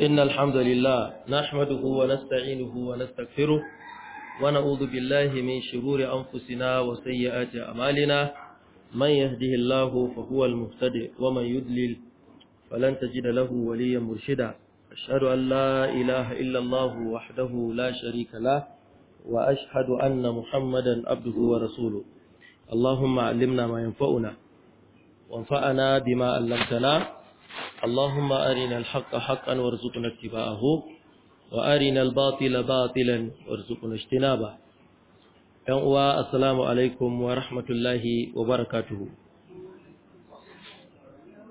إن الحمد لله نحمده ونستعينه ونستغفره ونعوذ بالله من شرور أنفسنا وسيئات أمالنا من يهده الله فهو المهتدئ ومن يدلل فلن تجد له وليا مرشدا أشهد أن لا إله إلا الله وحده لا شريك له وأشهد أن محمدا عبده ورسوله اللهم علمنا ما ينفعنا وانفعنا بما علمتنا اللهم أرنا الحق حقا وارزقنا اتباعه وأرنا الباطل باطلا وارزقنا اجتنابه ينقوى السلام عليكم rahmatullahi الله وبركاته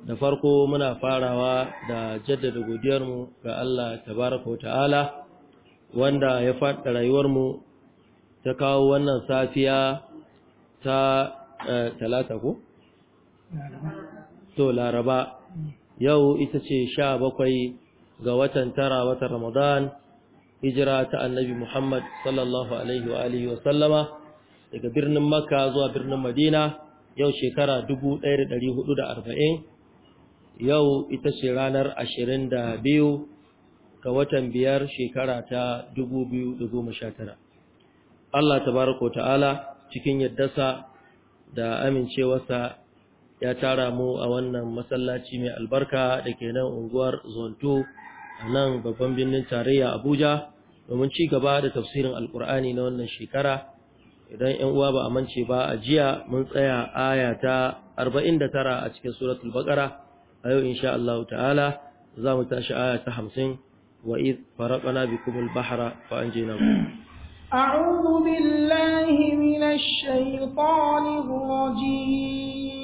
da farko muna farawa da jaddada godiyarmu ga Allah tabaraka ta'ala wanda ya faɗa rayuwarmu ta kawo wannan safiya ta eh, talata ko? to laraba yau ita ce sha bakwai ga watan tara watan Ramadan hijira ta annabi Muhammad sallallahu alaihi wa alihi wa sallama daga birnin Makka zuwa birnin Madina yau shekara 1440 yau ita ce ranar 22 ga watan biyar shekara ta 2019 Allah Ta tabaraka ta'ala cikin yaddarsa da amincewarsa ya tara mu a wannan masallaci mai albarka da ke nan unguwar zonto a nan babban birnin tarayya abuja domin ci gaba da tafsirin alkur'ani na wannan shekara idan yan uwa ba a mance ba a jiya mun tsaya aya ta 49 a cikin suratul baqara a yau insha Allah ta'ala za mu tashi aya ta 50 wa id faraqna bikum al-bahra fa anjaynakum أعوذ بالله من الشيطان rajim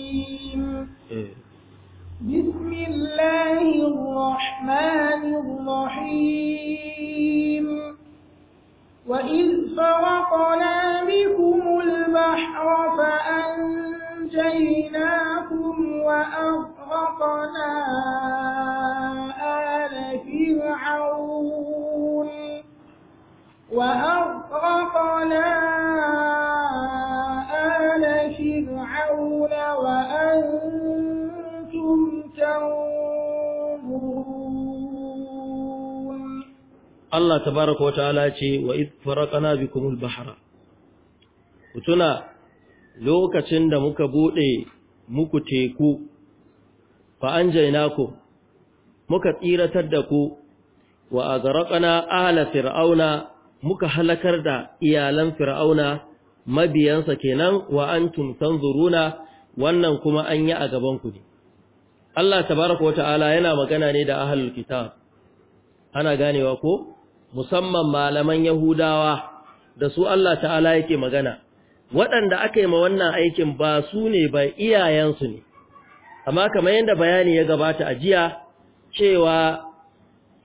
إيه. بسم الله الرحمن الرحيم وإذ فرقنا Allah tabaraka wa ta'ala ce wa id faraqna bikumul bahra kutuna lokacin da muka bude muku teku fa anjaynaku muka tsiratar da ku wa agraqna ala fir'auna muka halakar da iyalan fir'auna mabiyansa kenan wa antum tanzuruna wannan kuma an yi a gaban ku Allah tabaraka ta'ala yana magana ne da ahlul kitab ana ganewa ko musamman malaman Yahudawa da su Allah ta'ala yake magana waɗanda aka yi ma wannan aikin ba su ne ba iyayensu ne amma kamar yadda bayani ya gabata a jiya cewa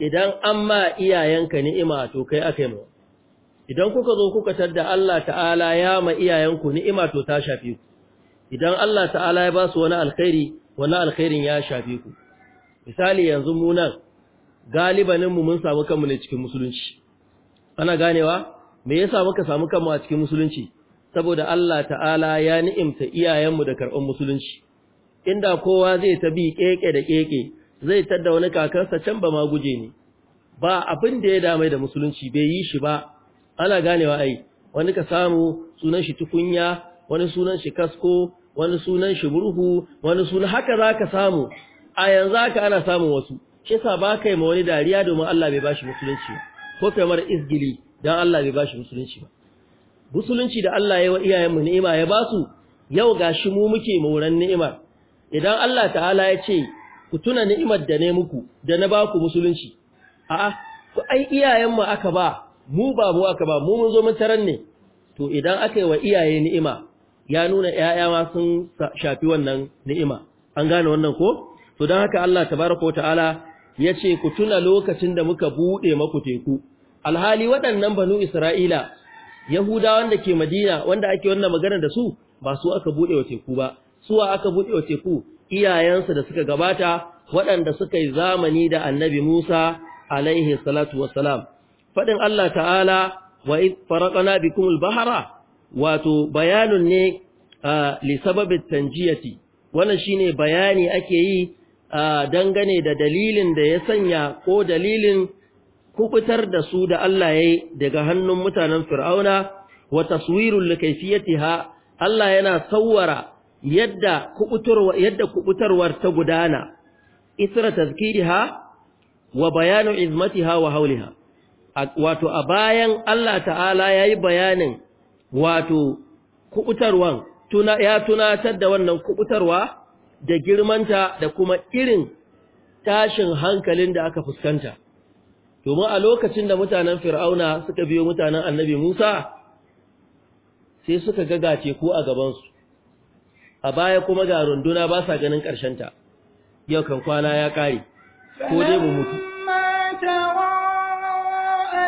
idan an ma iyayenka ni'ima to kai aka yi ma idan kuka zo kuka tadda Allah ta'ala ya ma iyayenku ni'ima to ta shafi ku idan Allah ta'ala ya ba su wani alkhairi wani alkhairin ya shafiku ku misali yanzu mu nan galibaninmu mun samu kanmu ne cikin musulunci ana ganewa me yasa muka samu kanmu a cikin musulunci saboda Allah ta'ala ya ni'imta iyayenmu da karɓan musulunci inda kowa zai ta bi keke da keke zai tadda wani kakarsa can ba ma guje ne ba abin da ya damai da musulunci bai yi shi ba ana ganewa ai wani ka samu sunan shi tukunya wani sunan shi kasko wani sunan shi burhu wani sunan haka zaka samu a yanzu haka ana samun wasu shi yasa ba kai ma wani dariya domin Allah bai bashi musulunci ba ko kai mara izgili dan Allah bai bashi musulunci ba musulunci da Allah ya wa iyayen mu ni'ima ya basu yau ga shi mu muke mauran ni'ima idan Allah ta'ala ya ce ku tuna ni'imar da ne muku da na baku musulunci a'a ku ai iyayen mu aka ba mu ba mu aka ba mu mun zo mun taran ne to idan aka yi wa iyaye ni'ima ya nuna ƴaƴa ma sun shafi wannan ni'ima an gane wannan ko to don haka Allah tabaraka wa ta'ala ya ce ku tuna lokacin da muka buɗe maku teku alhali waɗannan banu isra'ila Yahuda, wanda ke madina wanda ake wannan magana da su ba su aka buɗe wa teku ba Su wa aka buɗe wa teku iyayensu da suka gabata waɗanda suka yi zamani da annabi musa alaihi salatu wassalam faɗin allah ta'ala wa faraqana bikum al-bahra wato bayanun ne ah, li sababi tanjiyati wannan shine bayani ake yi dangane da dalilin da ya sanya ko dalilin kubutar da su da Allah ya yi daga hannun mutanen fir'auna wa taswirul likaifiyatiha Allah yana sauwara yadda kubutarwa ta gudana isra tazkiriha wa bayanu izmatiha wa ha. wato a bayan Allah ta'ala yi bayanin wato kubutarwan ya tunatar da wannan kubutarwa da girmanta da kuma irin tashin hankalin da aka fuskanta domin a lokacin da mutanen fir'auna suka biyo mutanen annabi musa sai suka gagace ko a gabansu a baya kuma ga runduna ba sa ganin ta. yau kan kwana ya ƙare ko dai mu mutu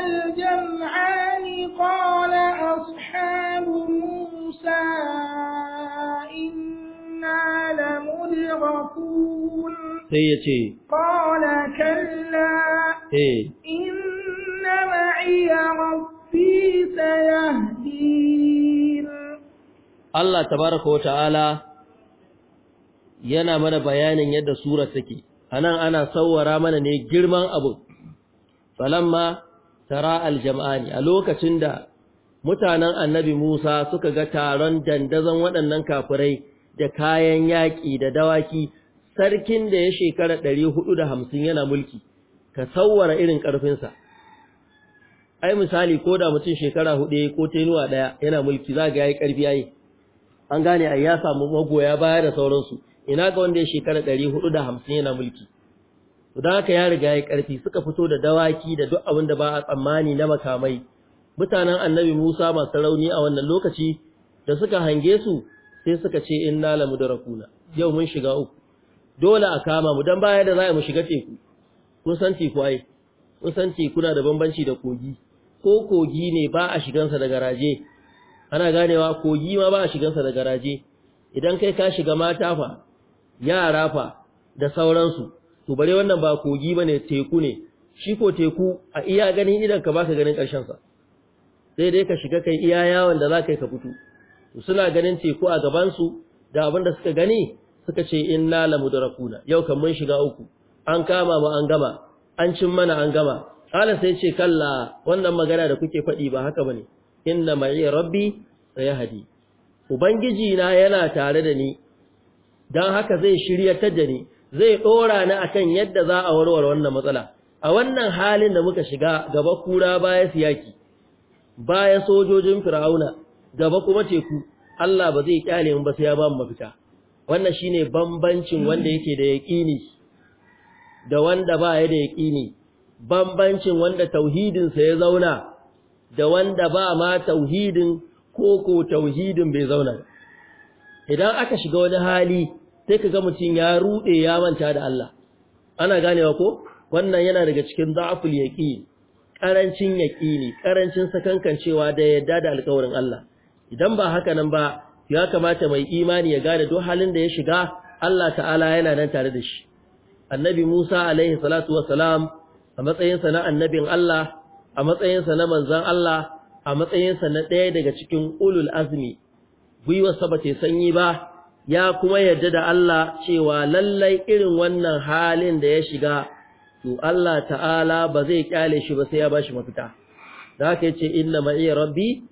الجمعان يبغون sai ya ce eh inna ma'iya rabbi sayahdin yana mana bayanin yadda sura take anan ana sawara mana ne girman abu falamma tara aljam'ani a lokacin da mutanen annabi Musa suka ga taron dandazon waɗannan kafirai da kayan yaƙi da dawaki sarkin da ya shekara ɗari hudu da hamsin yana mulki ka sauwara irin ƙarfinsa ai misali ko da mutum shekara hudu ko tenuwa ɗaya yana mulki za ga ya yi ƙarfi yi an gane a ya samu magoya baya da sauransu ina ga wanda ya shekara ɗari hudu da hamsin yana mulki to don haka ya riga ya yi ƙarfi suka fito da dawaki da duk abin da ba a tsammani na makamai mutanen annabi musa masu rauni a wannan lokaci da suka hange su sai suka ce in lamu da rakuna yau mun shiga uku dole a kama mu dan baya da za mu shiga teku kun san teku ai kun san teku na da bambanci da kogi ko kogi ne ba a shigansa da garaje ana ganewa kogi ma ba a shigansa da garaje idan kai ka shiga mata fa yara fa da sauransu to bare wannan ba kogi bane teku ne shi ko teku a iya ganin idan ka baka ganin karshen sa sai dai ka shiga kai iya yawon da za ka yi ka fito suna ganin teku a gabansu da abinda suka gani suka ce inna mudrakuna yau kan mun shiga uku an kama mu an gama an cin mana an gama Allah sai ce kalla wannan magana da kuke faɗi ba haka bane inna ma'i rabbi sayahdi ubangiji na yana tare da ni dan haka zai shirya ta da ni zai dora ni akan yadda za a warware wannan matsala a wannan halin da muka shiga gaba kura baya siyaki baya sojojin fir'auna gaba kuma teku Allah ba zai kyale mun ba sai ya ba mu mafita wannan shine bambancin wanda yake da yaqini da wanda ba ya da yaqini bambancin wanda tauhidin sa ya zauna da wanda ba ma tauhidin ko ko tauhidin bai zauna idan aka shiga wani hali sai kaga mutum ya rude ya manta da Allah ana ganewa ko wannan yana daga cikin da'aful yaqini karancin yaqini karancin sakankancewa da yadda da alƙawarin Allah idan ba haka nan ba ya kamata mai imani ya gane duk halin da ya shiga Allah ta'ala yana nan tare da shi annabi Musa alaihi salatu wassalam a matsayinsa na annabin Allah a matsayinsa na Manzon Allah a matsayinsa na ɗaya daga cikin ulul azmi gwiwarsa ba ta sanyi ba ya kuma yarda da Allah cewa lallai irin wannan halin da ya shiga to Allah ta'ala ba zai kyale shi ba sai ya bashi mafita da haka yace inna ma'i rabbi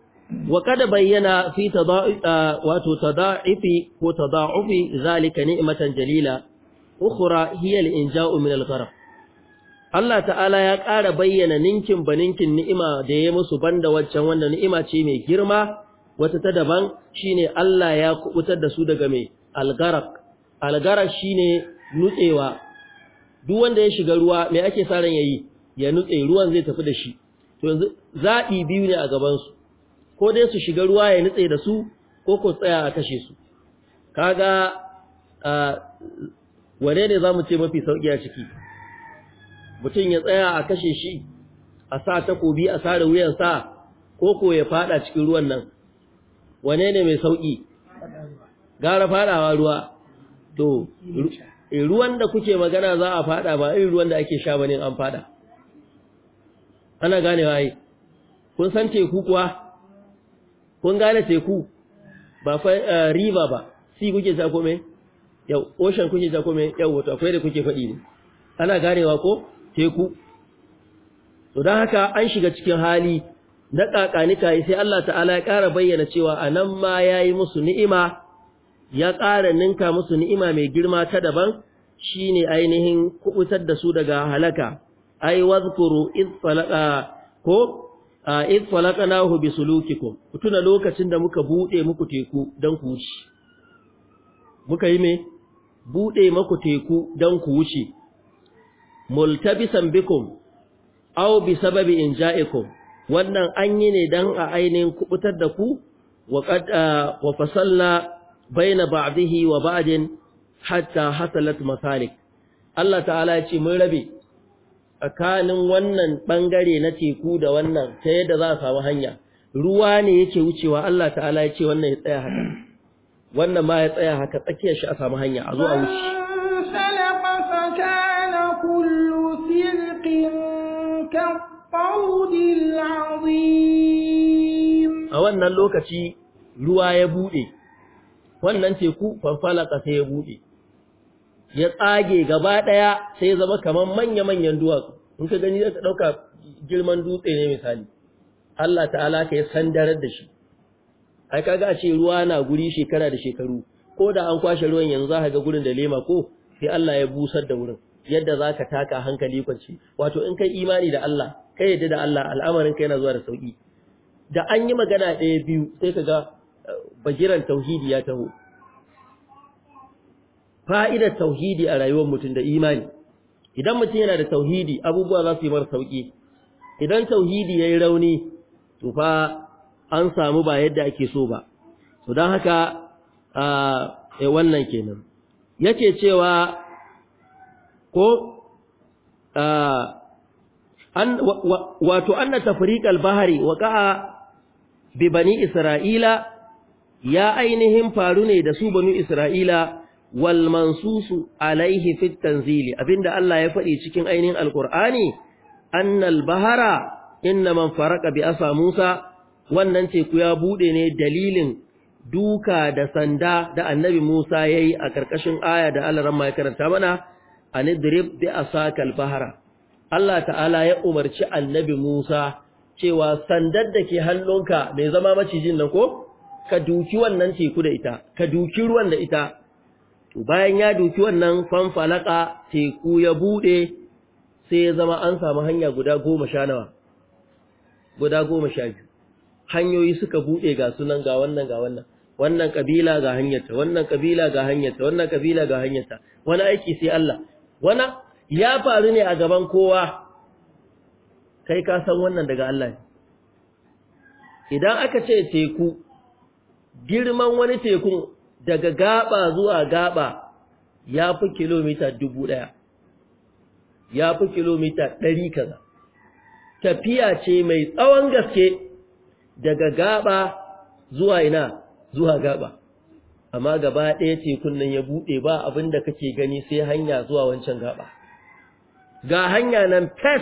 wa kada bayyana fi wato tadaifi ko tadaufi zalika ni'matan jalila ukhra hiya al-inja'u min al Allah ta'ala ya ƙara bayyana ninkin baninkin ni'ima da ya musu banda waccan wanda ni'ima ce mai girma wata ta daban shine Allah ya kubutar da su daga mai al-gharaq al-gharaq shine nutsewa duk wanda ya shiga ruwa me ake sa ran yayi ya nutse ruwan zai tafi da shi to yanzu biyu ne a gabansu. ko dai su shiga ruwa ya nutse da su ko ko tsaya a kashe su kaga wane ne za mu ce mafi sauƙi a ciki mutum ya tsaya a kashe shi a sa takobi a sare wuyansa ko ko ya fada cikin ruwan nan wane ne mai sauƙi gara fadawa ruwa to ruwan da kuke magana za a fada ba irin ruwan da ake sha bane an fada ana ganewa ai kun san teku kuwa kun gane teku ba fa eh, river ba si kuke sa kome yau ocean kuke sa kome yau wato akwai da kuke faɗi ne ana ganewa ko teku to don haka an shiga cikin hali na kakanika sai Allah ta'ala ya ƙara bayyana cewa anan ma yayi musu ni'ima ya ƙara ninka musu ni'ima mai girma ta daban shine ainihin kubutar da su daga halaka ai wazkuru in iz ko a iz falaqnahu bi sulukikum tuna lokacin da muka bude muku teku dan ku wuce muka yi me bude muku teku dan ku wuce multabisan bikum aw bi sababi inja'ikum wannan an yi ne dan a ainihin kubutar da ku wa qad wa fasalla baina ba'dihi wa ba'din hatta hasalat masalik Allah ta'ala ya ce mun rabe tsakanin wannan bangare na teku da wannan ta yadda za a samu hanya ruwa ne yake wucewa Allah ta'ala ya ce wannan ya tsaya haka wannan ma ya tsaya haka tsakiyar shi a samu hanya a zo a wuce a wannan lokaci ruwa ya buɗe. wannan teku fanfalaka sai ya buɗe. ya tsage gaba ɗaya sai ya zama kamar manya-manyan duwatsu in ka gani zai ɗauka girman dutse ne misali Allah ta'ala ka ya sandarar da shi ai kaga a ce ruwa na guri shekara da shekaru ko da an kwashe ruwan yanzu za ka ga gurin da lema ko sai Allah ya busar da wurin yadda za ka taka hankali kwanci wato in kai imani da Allah kai yadda da Allah al'amarin kai yana zuwa da sauki da an yi magana ɗaya biyu sai ka ga eh, bagiran tauhidi ya taho fa'idar tauhidi a rayuwar mutum da imani idan mutum yana da tauhidi abubuwa za su yi mara sauki idan tauhidi ya yi rauni to fa an samu ba yadda ake so ba to don haka eh, wannan kenan yake cewa ko an wato anna Bahari wa ƙa’a bi bani isra'ila ya ainihin faru ne da su Bani isra'ila wal mansusu alaihi fit tanzili abinda Allah ya faɗi cikin ainihin alqur'ani annal bahara inna man faraka bi asa Musa wannan teku ya bude ne dalilin duka da sanda da annabi Musa yayi a karkashin aya da Allah ran mai karanta mana anidrib bi asakal bahara Allah ta'ala ya umarci annabi Musa cewa sandar da ke hannunka mai zama macijin nan ko ka duki wannan teku da ita ka duki ruwan da ita to bayan ya duki wannan fanfalaka teku ya bude sai ya zama an samu hanya guda goma sha nawa guda goma sha biyu hanyoyi suka bude ga sunan ga wannan ga wannan wannan kabila ga hanyarta wannan kabila ga hanyarta wannan kabila ga hanyarta wani aiki sai Allah wani ya faru ne a gaban kowa kai ka san wannan daga Allah ne idan aka ce teku girman wani tekun daga gaba zuwa gaba ya fi kilomita dubu ɗaya ya fi kilomita ɗari kaza tafiya ce mai tsawon gaske daga gaba zuwa ina zuwa gaba amma gaba ɗaya tekun nan ya buɗe ba abin da kake gani sai hanya zuwa wancan gaba ga hanya nan fes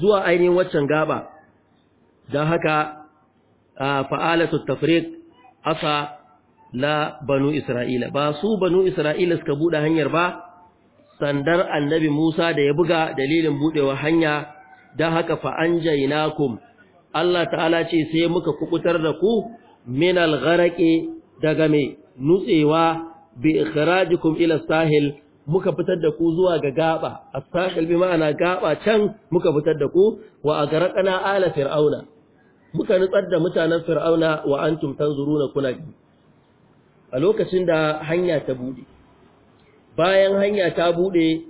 zuwa ainihin wancan gaba don haka fa'alatu tafriq asa la banu isra'ila ba su banu isra'ila suka buɗe hanyar ba sandar annabi Musa da ya buga dalilin buɗewa hanya don haka fa jainakum? Allah ta'ala ce sai muka kukutar da ku minal gharqi daga mai nutsewa bi ikhrajikum ila sahil muka fitar da ku zuwa ga gaba as-sahil bi ma'ana gaba can muka fitar da ku wa agraqna ala fir'auna muka nutsar da mutanen fir'auna wa antum tanzuruna kuna a lokacin da hanya ta bude bayan hanya ta bude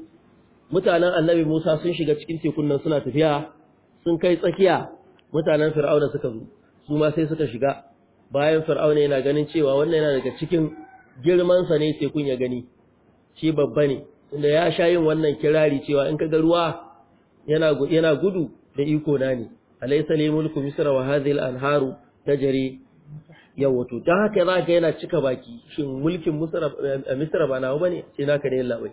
mutanen annabi Musa sun shiga cikin tekun nan suna tafiya sun kai tsakiya mutanen fir'auna suka zo su ma sai suka shiga bayan fir'auna yana ganin cewa wannan yana daga cikin girman sa ne tekun ya gani shi babba ne inda ya sha yin wannan kirari cewa in kaga ruwa yana yana gudu da iko na ne alaysa li mulku misra wa hadhihi al-anharu tajri yawa to don haka za ka yana cika baki shi mulkin eh, misra ba nawa bane sai ka ne bai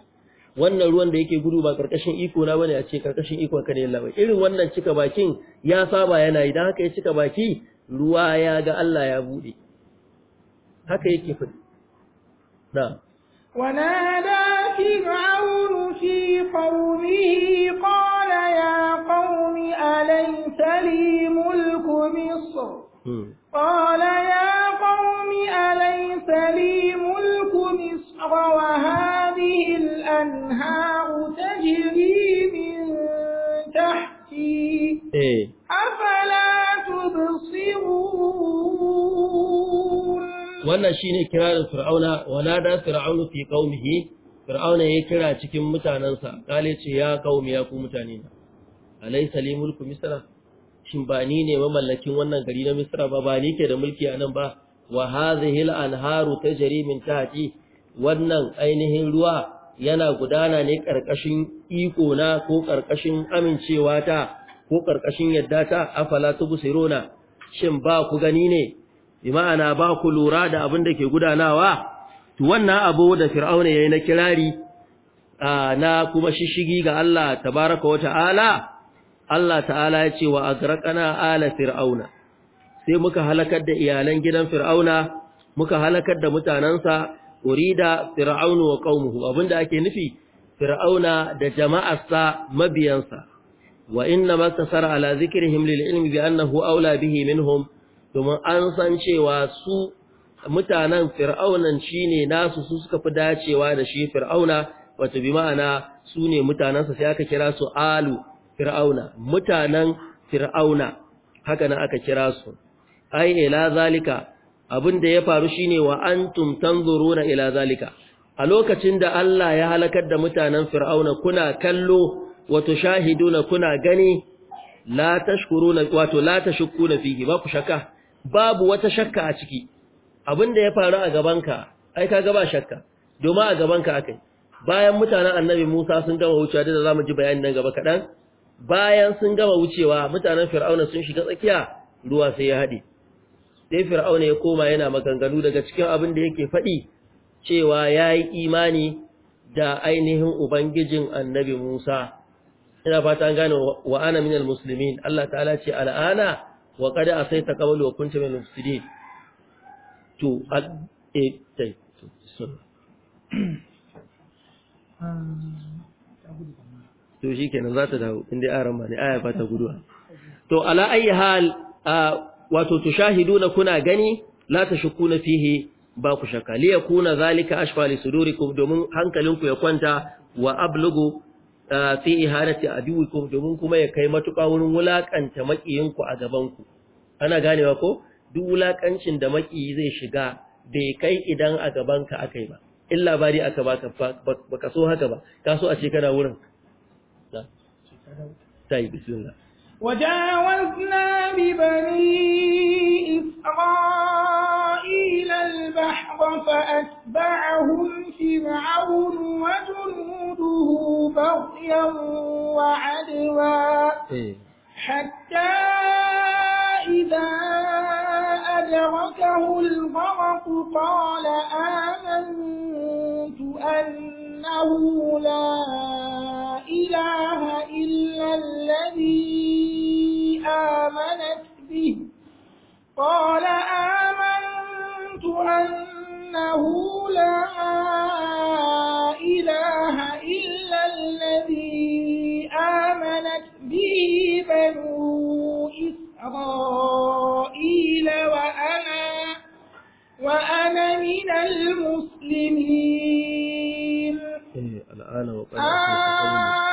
wannan ruwan da yake gudu ba karkashin iko na bane a ce karkashin iko ka ne bai irin wannan cika bakin ya saba yana yi don haka ya cika baki ruwa ya ga Allah ya bude haka yake fadi na ونادى فرعون في قومه قال يا قوم أليس لي ملك مصر قال يا أليس لي ملك مصر وهذه الأنهار تجري من تحتي أفلا تبصرون wannan shine kirarin fir'auna wanada fir'aunu fi qaumihi fir'auna ya kira cikin mutanansa kale ce ya qaumi ya ku mutane na alaysa li mulku misra shin ba ni ne mamallakin wannan gari na misra ba ba ni ke da mulki a nan ba wa hadhihi al-anharu tajri min tahti wannan ainihin ruwa yana gudana ne karkashin iko na ko karkashin amincewa ta ko karkashin yadda ta afala tubsiruna shin ba ku gani ne bi ma'ana ba ku lura da abin da ke gudanawa to wannan abu da fir'auna yi na kirari na kuma shishigi ga Allah tabaraka wa Allah ta'ala ya ce wa azraqana ala fir'auna sai muka halakar da iyalan gidan fir'auna muka halakar da mutanansa urida fir'aunu wa qaumuhu abinda ake nufi fir'auna da jama'arsa mabiyansa wa inna tasara ala zikrihim lil ilmi bi annahu aula bihi minhum domin an san cewa su mutanen fir'aunan shine nasu su suka fi dacewa da shi fir'auna wato bi ma'ana su ne mutanansa sai aka kira su alu fir'auna mutanen fir'auna haka nan aka kira su ai ila zalika abin ya faru shine wa antum tanzuruna ila zalika a lokacin da Allah ya halakar da mutanen fir'auna kuna kallo wato shahiduna kuna gani la tashkuruna wato la tashkuruna fihi ba ku shakka babu wata shakka a ciki abin ya faru a gabanka ai kaga ba shakka domin a gabanka akai bayan mutanen annabi Musa sun gama wucewa da zamu ji bayani nan gaba kadan bayan sun gama wucewa mutanen fir'auna sun shiga tsakiya ruwa sai ya hade sai fir'auna ya koma yana maganganu daga cikin abin da yake faɗi cewa ya yi imani da ainihin ubangijin annabi musa ina fata an gane wa ana minal muslimin allah ta'ala ce al'ana wa kada a sai ta kabalu wa kunta mai muslimin to e, to shi kenan za ta dawo inda aran ba ne aya ba ta guduwa to ala'ayi hal wato tushahiduna kuna gani la tashkuna fihi ba ku shakka ya kuna zalika ashfa li sudurikum domin hankalinku ya kwanta wa ablugu uh, fi ihanati adiwikum domin kuma ya kai matuƙa wurin wulakanta makiyinku a gabanku ana ganewa ko duk wulakancin da makiyi zai shiga bai kai idan a gabanka akai ba illa bari aka baka baka so haka ba ka so a ce kana wurin ta yi bismillah وجاوزنا ببني إسرائيل البحر فأتبعهم فرعون وجنوده بغيا وعدوا إيه. حتى إذا أدركه الغرق قال آمنت أنه لا إله إلا الذي آمنت به قال آمنت أنه لا إله إلا الذي آمنت به بنو إسرائيل وأنا وأنا من المسلمين الآن وقد آه،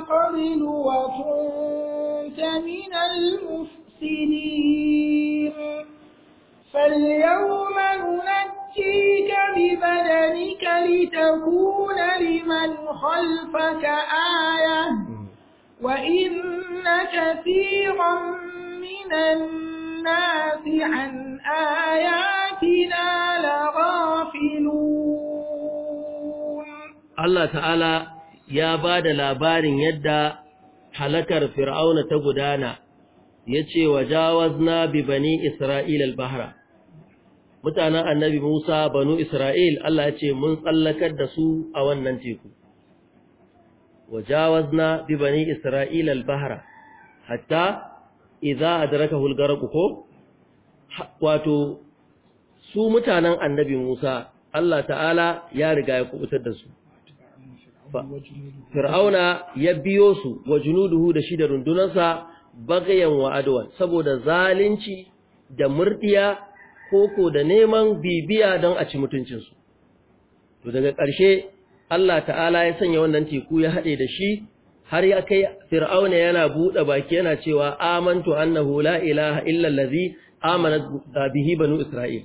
قبل وكنت من المفسدين فاليوم ننجيك ببدنك لتكون لمن خلفك آية وإن كثيرا من الناس عن آياتنا لغافلون الله تعالى ya ba da labarin yadda halakar fir'auna ta gudana ya ce wa jawazna bi bani isra'il al-bahra mutanen annabi musa banu isra'il Allah ya ce mun tsallakar da su a wannan teku wa jawazna bi bani isra'il al-bahra hatta idza adrakahu ka hulgar ko wato su mutanen annabi musa Allah ta'ala ya riga ya kubutar da su fir'auna ya biyo su wa junuduhu da shi da rundunansa bagayen wa saboda zalunci da murdiya koko da neman bibiya don a ci mutuncinsu to daga ƙarshe Allah ta'ala ya sanya wannan teku ya haɗe da shi har ya kai fir'auna yana buɗe baki yana cewa amantu annahu la ilaha illa allazi amanat bihi banu isra'il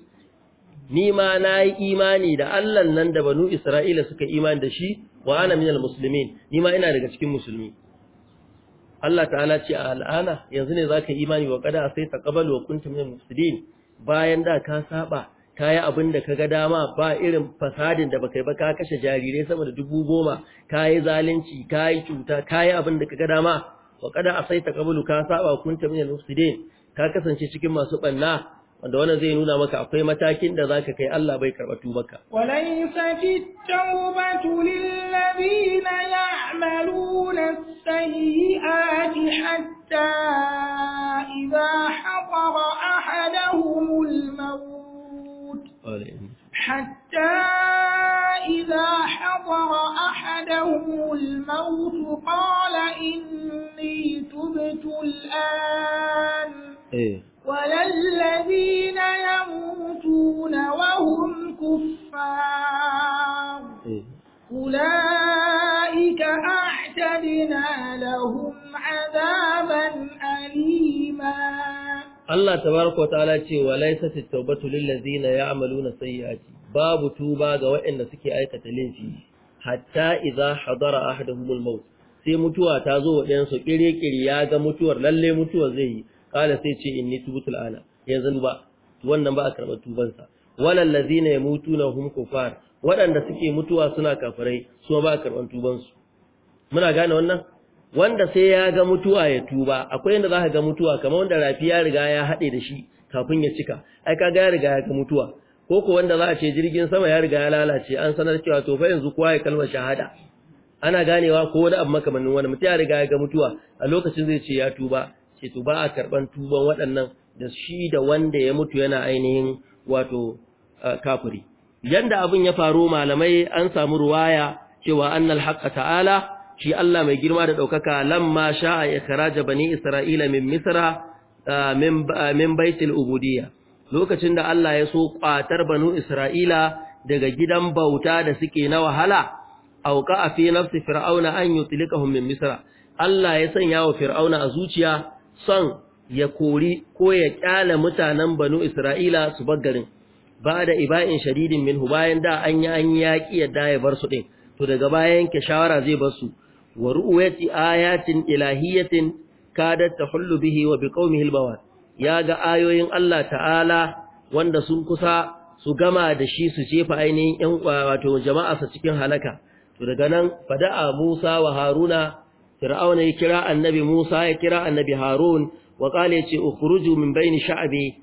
ni ma nayi imani da Allah nan da banu isra'ila suka imani da shi wa ana minal muslimin ni ma ina daga cikin musulmi Allah ta'ala ce a al'ana yanzu ne zaka imani wa qada sai taqabbal wa kuntum minal musulmin, bayan da ka saba ka yi abin da ka ga dama ba irin fasadin da baka yi ba ka kashe jarirai sama da dubu goma ka yi zalunci ka yi cuta ka yi abin da ka ga dama wa kada a sai ta kabulu ka saba kunta min musulmin ka kasance cikin masu ɓanna. wanda wannan zai nuna maka akwai matakin da zaka kai Allah bai karba tubarka walaysa at-tawbatu lilladhina ya'maluna as-sayyi'ati hatta idha hadara ahaduhum maut hatta idha hadara ahaduhum maut qala inni tubtu al-an وللذين يموتون وهم كفار أولئك أعتدنا لهم عذابا أليما Allah tabaraka wa ta'ala ce wa laysat at-taubatu lil ladzina ya'maluna sayyi'ati babu tuba ga waɗanda suke aikata laifi hatta idza hadara ahaduhumul maut sai mutuwa ta zo wa ɗayan su kire ya ga mutuwar lallai mutuwar zai yi qala sai ce inni tubtu al'ana yanzu ba wannan ba a karɓar tubansa walal ladina yamutuna hum kufar waɗanda suke mutuwa suna kafirai su ba a karɓar tubansu muna gane wannan wanda sai ya ga mutuwa ya tuba akwai inda za ka ga mutuwa kamar wanda rafi ya riga ya haɗe da shi kafin ya cika ai kaga ya riga ya ga mutuwa ko ko wanda za a ce jirgin sama ya riga ya lalace an sanar cewa to fa yanzu kowa ya kalmar shahada ana ganewa ko wani abu makamannin wani mutum ya riga ya ga mutuwa a lokacin zai ce ya tuba ce to ba a karban tuban waɗannan da shi da wanda ya mutu yana ainihin wato kafuri yanda abin ya faru malamai an samu ruwaya cewa annal haqqa ta'ala shi Allah mai girma da daukaka lamma sha'a ikhraja bani isra'ila min misra min min baitil ubudiyya lokacin da Allah ya so kwatar banu isra'ila daga gidan bauta da suke na wahala auka fi nafsi fir'auna an yutlikuhum min misra Allah ya sanya wa fir'auna a zuciya son ya kori ko ya kyala mutanen banu Isra'ila su baggarin ba da iba'in shadidin minhu bayan da an yi an yaƙi yadda ya bar su ɗin to daga bayan ke shawara zai bar su wa ru'uyati ayatin ilahiyatin ta hullu bihi wa biqaumihi albawan ya ga ayoyin Allah ta'ala wanda sun kusa su gama da shi su jefa ainihin ƴan wato jama'a su cikin halaka to daga nan fada'a Musa wa Haruna fir'auna ya kira annabi Musa ya kira annabi Harun wa qala yace ukhruju min bayni sha'bi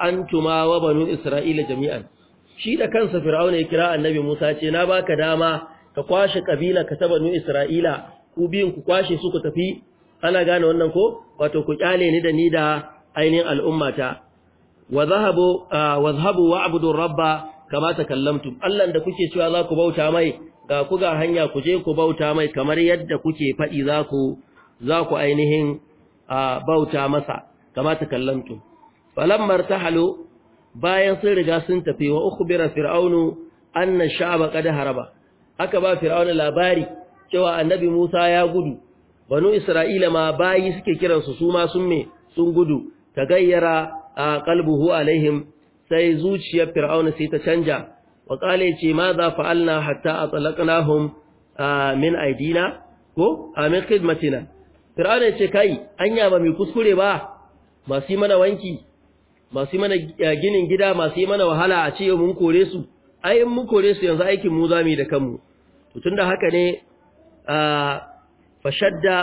antuma wa banu isra'ila jami'an shi da kansa fir'auna ya kira annabi Musa ce na baka dama ka kwashe kabila ka ta banu isra'ila ku biyun ku kwashe su ku tafi ana gane wannan ko wato ku kyale ni da ni da ainihin al'ummata wa zahabu wa zahabu wa rabba kama takallamtum Allah da kuke cewa za ku bauta mai ga ku ga hanya ku je ku bauta mai kamar yadda kuke faɗi za ku ainihin bauta masa kama takallamtum falammar halo bayan sun riga sun tafi wa uku ukhbira fir'aunu anna sha'aba ƙada haraba aka ba Fir'aunu labari cewa annabi Musa ya gudu banu Isra'ila ma bayi suke kiransu su ma sun me sun gudu a kalbuhu alaihim sai zuciyar fir'auna sai ta canja wa kale ce ma za fa'alna hatta atlaqnahum min aidina ko amin khidmatina fir'auna ce kai anya ba mai kuskure ba masu yi mana wanki masu yi mana ginin gida masu yi mana wahala a ce mun kore su ai in mun kore su yanzu aikin mu zamu yi da kanmu to tunda haka ne fashadda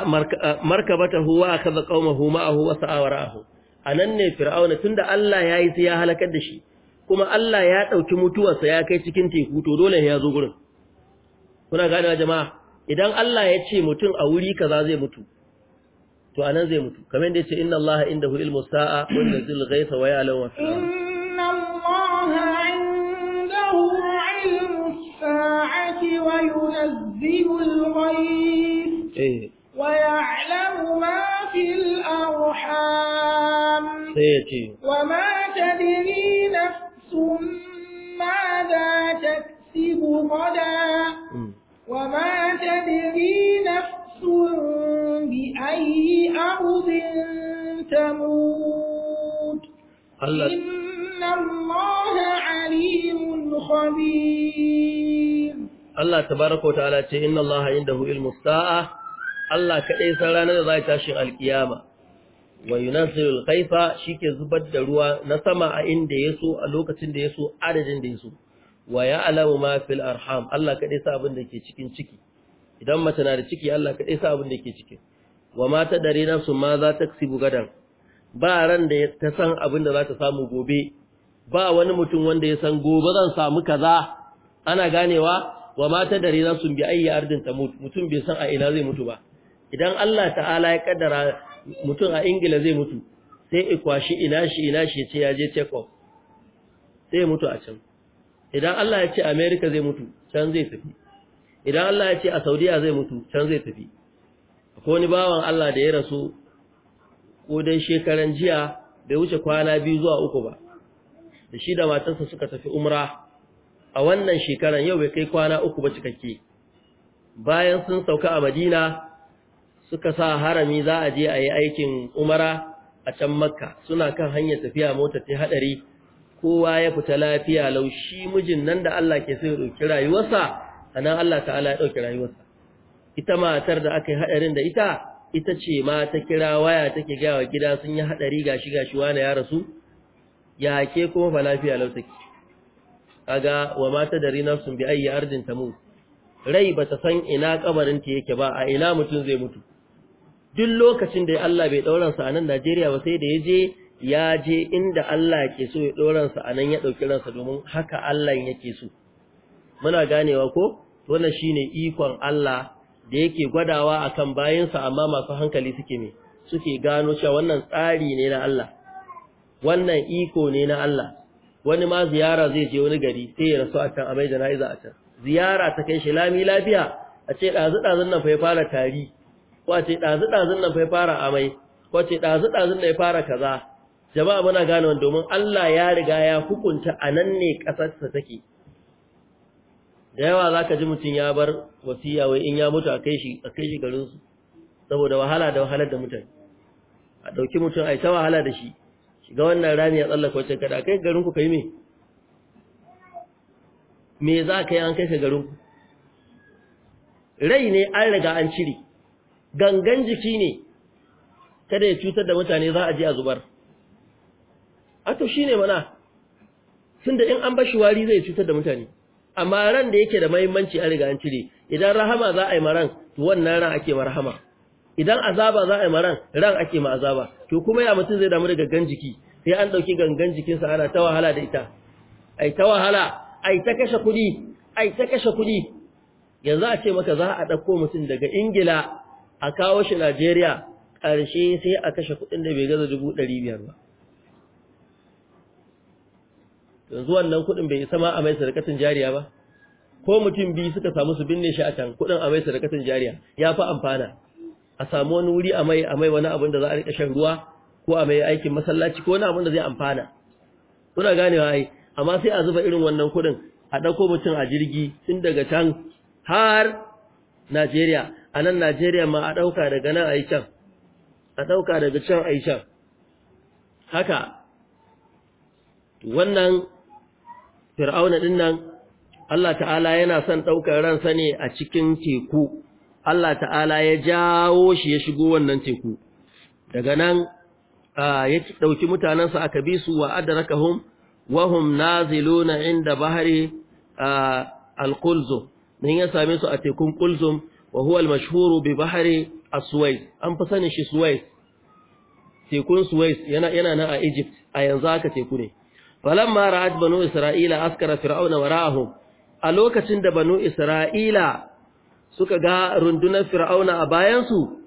markabatahu wa akhadha qaumahu ma'ahu wa sa'awarahu a nan ne fir'auna tunda Allah ya yi sai ya halakar da shi kuma Allah ya ɗauki mutuwarsa ya kai cikin teku to dole ya zo gurin kuna gane jama'a idan Allah ya ce mutum a wuri kaza zai mutu to anan zai mutu kamar yadda ya inna Allah indahu ilmu sa'a wa yunzil ghaytha wa ya'lamu ma fi inna Allah indahu ilmu sa'ati wa yunzilu al-ghayth eh. ويعلم ما في الأرحام سيتي وما تدري نفس ماذا تكسب غدا وما تدري نفس بأي أرض تموت إن الله عليم خبير Allah tabaraka wa ta'ala ce inna Allah indahu ilmu sa'a Allah kaɗai san ranar da za a tashin alƙiyama, wa yunazzilul shi ke zubar da ruwa na sama a inda so, a lokacin da ya so, adadin da ya so. wa ya alamu ma fil arham Allah kadai sa abin da ke cikin ciki idan mace na da ciki Allah kadai sa abin da ke cikin wa ma na su ma za ta kasibu bugadan, ba ran da ta san abin da za ta samu gobe ba wani mutum wanda ya san gobe zan samu kaza ana ganewa wa dare tadari nafsu bi ayyar ardin mutum bai san a ina zai mutu ba idan Allah ta'ala ya kaddara mutum a ingila zai mutu sai ikwashi ina shi ina shi ce ya je check-up sai mutu a can idan Allah ya ce america zai mutu can zai tafi idan Allah ya ce a saudiya zai mutu can zai tafi akwai wani bawan Allah da ya rasu ko dai shekaran jiya bai wuce kwana biyu zuwa uku ba da shi da matarsa suka tafi umra a wannan shekaran yau bai kai kwana uku ba cikakke bayan sun sauka a madina suka sa harami za a je a yi aikin umara a can makka suna kan hanyar tafiya mota ta hadari kowa ya fita lafiya laushi mijin nan da Allah ke so ya dauki rayuwarsa anan Allah ta'ala ya dauki rayuwarsa ita matar da aka yi hadarin da ita ita ce ma ta kira waya take ga wa gida sun yi hadari gashi gashi wani ya rasu ya ke kuma fa lafiya lau take kaga wa mata dari sun bi ayi ardin tamu rai bata san ina kabarin ta yake ba a ina mutun zai mutu duk lokacin da Allah bai ɗauran sa a nan Najeriya ba sai da ya je ya je inda Allah yake so ya ɗauran sa a nan ya ɗauki ransa domin haka Allah yake so muna ganewa ko wannan shine ikon Allah da yake gwadawa akan bayinsa amma masu hankali suke me suke gano cewa wannan tsari ne na Allah wannan iko ne na Allah wani ma ziyara zai je wani gari sai ya rasu a can a mai jana'iza a can ziyara ta kai shi lami lafiya a ce ɗazu-ɗazun nan fa ya fara tari kwace dazu dazun nan fa fara amai kwace dazu dazun nan ya fara kaza jama'a muna gane wannan domin Allah ya riga ya hukunta anan ne kasar sa take da yawa zaka ji mutun ya bar wasiya wai in ya mutu a kai shi a kai shi garin su saboda wahala da wahalar da mutane a dauki mutun ai ta wahala da shi shiga wannan rami ya tsallaka wacce kada kai garin ku kai me me za ka yi an kai ka garin ku rai ne an riga an cire gangan jiki ne kada ya cutar da mutane za a je a zubar a shine mana tunda in an bashi wari zai cutar da mutane amma ran da yake da muhimmanci a riga an cire idan rahama za a yi maran to wannan ran ake marhama idan azaba za a yi maran ran ake ma azaba to kuma ya mutum zai damu da gangan jiki sai an dauki gangan jikinsa ana ta wahala da ita ai ta wahala ai ta kashe kuɗi ai ta kashe kuɗi yanzu a ce maka za a ɗauko mutum daga ingila a kawo shi Najeriya ƙarshe sai a kashe kuɗin da bai gaza dubu ɗari biyar ba. Yanzu wannan kuɗin bai isa ma a mai sadakatin jariya ba, ko mutum biyu suka samu su binne shi a can kuɗin a mai sadakatin jariya ya fi amfana. A samu wani wuri a mai a mai wani abin da za a riƙa shan ruwa ko a mai aikin masallaci ko wani abin da zai amfana. Kuna ganewa ai, amma sai a zuba irin wannan kuɗin a ɗauko mutum a jirgi tun daga can har Najeriya a nan Najeriya ma a ɗauka daga nan a yi can, a ɗauka daga can a yi can. Haka, wannan fir'auna ɗin nan, Allah ta'ala yana son ɗaukar ransa ne a cikin teku, Allah ta'ala ya jawo shi ya shigo wannan teku. Daga nan, ya ɗauki mutanensa aka bi su wa adarakahum wahum na inda bahari alqulzum, don ya same su a tekun Kulzum. wa huwa mashhuru bi bahri as-Suwais an fi sanin shi Suwais tekun Suwais yana yana nan a Egypt a yanzu haka teku ne falamma ra'at banu Isra'ila askara fir'auna wara'ahum a lokacin da banu Isra'ila suka ga rundunar fir'auna a bayansu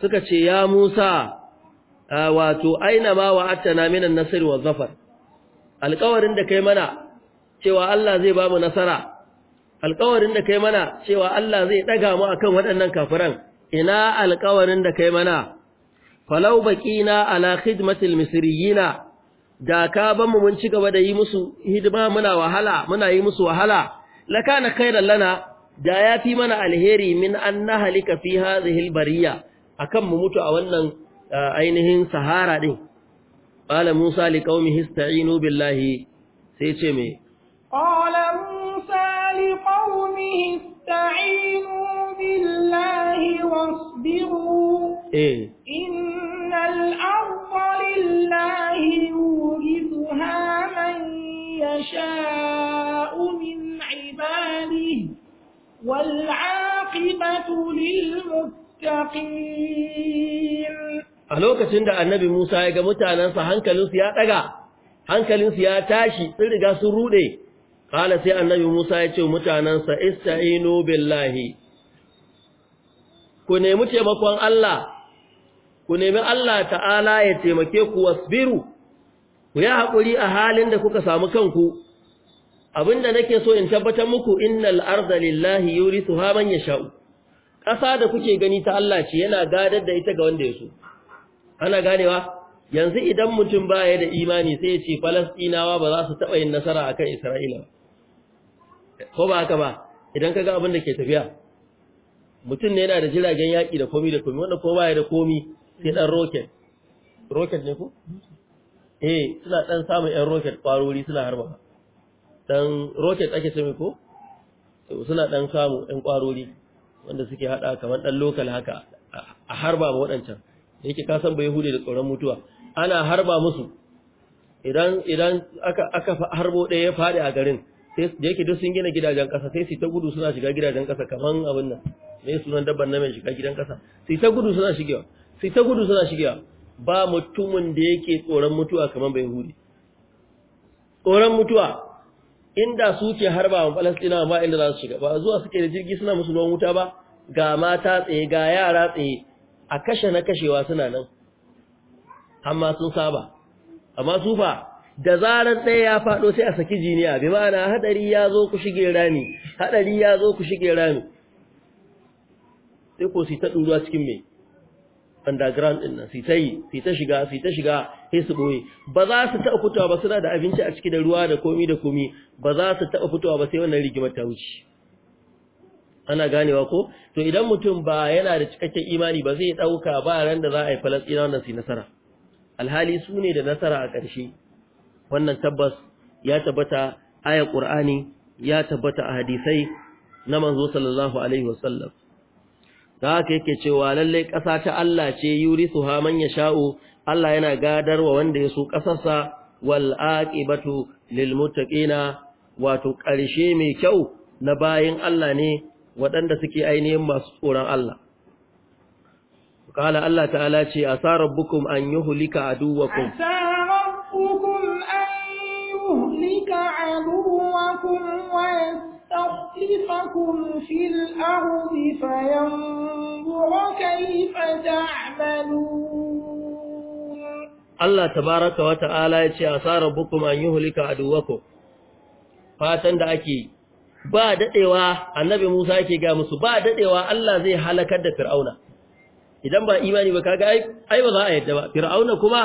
suka ce ya Musa wato aina ma wa'attana minan nasr wa zafar alƙawarin da kai mana cewa Allah zai ba mu nasara alƙawarin da kai mana cewa Allah zai ɗaga mu akan waɗannan kafiran ina alƙawarin da kai mana falau baqina ala khidmatil misriyina da ka ban mu mun ci gaba da yi musu hidima muna wahala muna yi musu wahala lakana khairan lana da ya fi mana alheri min annahalika fi hadhihi albariya akan mu mutu a wannan ainihin sahara din qala musa liqaumihi ista'inu billahi sai ce me قال موسى لقومه استعينوا بالله واصبروا إيه؟ إن الأرض لله يورثها من يشاء من عباده والعاقبة للمتقين a lokacin da annabi Musa ya ga mutanensa hankalinsu ya ɗaga, hankalinsu ya tashi, sun riga sun ruɗe, Ƙala sai annabi Musa ya ce mutanansa Ista'inu billahi, ku nemi taimakon Allah, ku nemi Allah ta'ala ya taimake ku wasbiru, ku yi haƙuri a halin da kuka samu kanku, abinda nake so in tabbatar muku innal arda lillahi yuri man ya sha'u, ƙasa da kuke gani ta Allah ce yana gadar da ita ga wanda ya so. Ana ganewa? Yanzu idan mutum baya da imani sai ya ce Falastinawa ba za su taɓa yin nasara akan Isra'ila ba. ko ba haka ba idan ka ga abin da ke tafiya mutum ne yana da jiragen yaƙi da komi da komi wanda ko baya da komi sai ɗan roket roket ne ko eh suna ɗan samun ɗan roket ƙwarori suna harba ɗan roket ake ce ko suna ɗan samu ɗan ƙwarori wanda suke haɗa kamar ɗan lokal haka a harba ba waɗancan yake ka san bai hude da tsoron mutuwa ana harba musu idan idan aka aka harbo ɗaya ya faɗi a garin da yake duk sun gina gidajen kasa sai su ta gudu suna shiga gidajen kasa kaman abin nan me sunan dabban nan mai shiga gidan kasa sai ta gudu suna shigewa sai ta gudu suna shigewa ba mutumin da yake tsoron mutuwa kaman bai hudi tsoron mutuwa inda su ke harba wa Falastinawa ba inda za su shiga ba zuwa suke da jirgi suna musu ruwan wuta ba ga mata tsaye ga yara tsaye a kashe na kashewa suna nan amma sun saba amma su fa da zaran ɗaya ya faɗo sai a saki jiniya bi ma'ana haɗari ya zo ku shige rami haɗari ya zo ku shige rami sai ko su ta ɗuruwa cikin mai underground ɗin nan su ta yi su ta shiga su ta shiga sai su ɓoye ba za su taɓa fitowa ba suna da abinci a ciki da ruwa da komi da komi ba za su taɓa fitowa ba sai wannan rigimar ta wuce ana ganewa ko to idan mutum ba yana da cikakken imani ba zai ɗauka ba ran da za a yi falasɗina wannan su nasara alhali su ne da nasara a ƙarshe wannan tabbas ya tabbata aya qur'ani ya tabbata a hadisai na manzo sallallahu alaihi wasallam da haka yake cewa lalle ƙasa ta Allah ce yurisu ha man yasha'u Allah yana gadarwa wanda ya so ƙasarsa wal aqibatu lil muttaqina wato ƙarshe mai kyau na bayin Allah ne waɗanda suke ainihin masu tsoron Allah kala Allah ta'ala ce asa rabbukum an yuhlika aduwakum يهلك عدوكم ويستخلفكم في الأرض فينظر كيف تعملون الله تبارك وتعالى يتشي أسى ربكم أن يهلك عدوكم fatan da ake ba dadewa annabi Musa ake ga musu ba daɗewa Allah zai halakar da Fir'auna idan ba imani ba kaga ai za a yadda ba Fir'auna kuma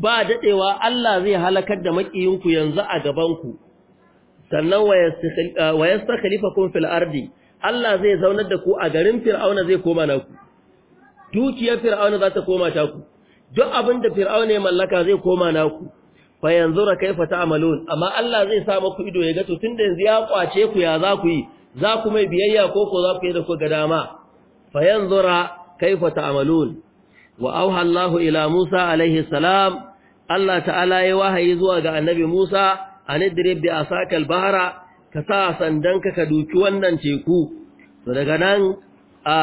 ba daɗewa Allah zai halakar da maƙiyinku yanzu a gabanku sannan wayan sa uh, khalifa kun fil Allah zai zaunar da ku a garin fir'auna zai koma na ku. dukiyar fir'auna za ta koma ku. duk abin da fir'auna ya mallaka zai koma na ku. fa yanzu ra kaifa amalon, amma Allah zai sa maku ido ya ga to da yanzu ya kwace ku ya za ku yi za ku mai biyayya ko ko za ku yi da ku ga dama fa ra kaifa wa auha ila Musa alaihi salam Allah ta'ala ya wahayi zuwa ga annabi Musa anidrib bi asakal bahra ka sa sandanka ka duki wannan teku to daga nan a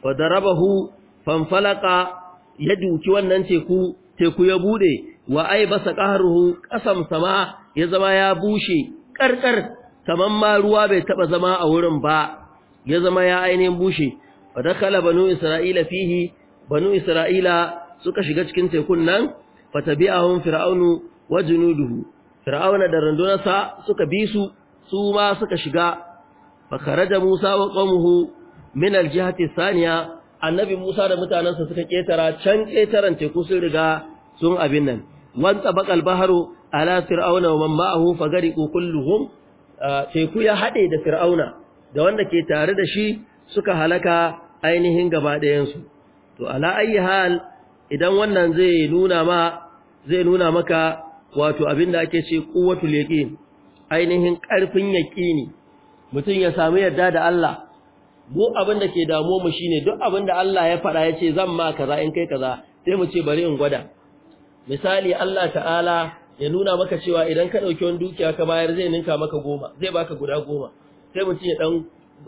fadarabahu fanfalaka ya duki wannan teku teku ya buɗe. wa aibasa qahruhu qasam sama ya zama ya bushe karkar kaman ma ruwa bai taɓa zama a wurin ba ya zama ya ainihin bushe fa dakhala banu isra'ila fihi banu isra'ila suka shiga cikin tekun nan fatabi'ahum fir'aunu wa junuduhu fir'auna da rundunarsa suka bi su su ma suka shiga fa musa wa qaumuhu min al thaniya annabi musa da mutanansa suka ketara can ketaran teku sun riga sun abin nan wan tabaqal baharu ala fir'auna wa man ma'ahu fagariqu kulluhum teku ya hade da fir'auna da wanda ke tare da shi suka halaka ainihin gaba ɗayansu to ala ayi hal idan wannan zai nuna ma zai nuna maka wato abinda ake ce quwwatul yaqin ainihin karfin yaqini mutum ya samu yadda da Allah mu abinda ke damuwa mu shine duk abinda Allah ya fada yace zan ma kaza in kai kaza sai mu ce bari in gwada misali Allah ta'ala ya nuna maka cewa idan ka dauki wani dukiya ka bayar zai ninka maka goma zai baka guda goma sai mutum ya dan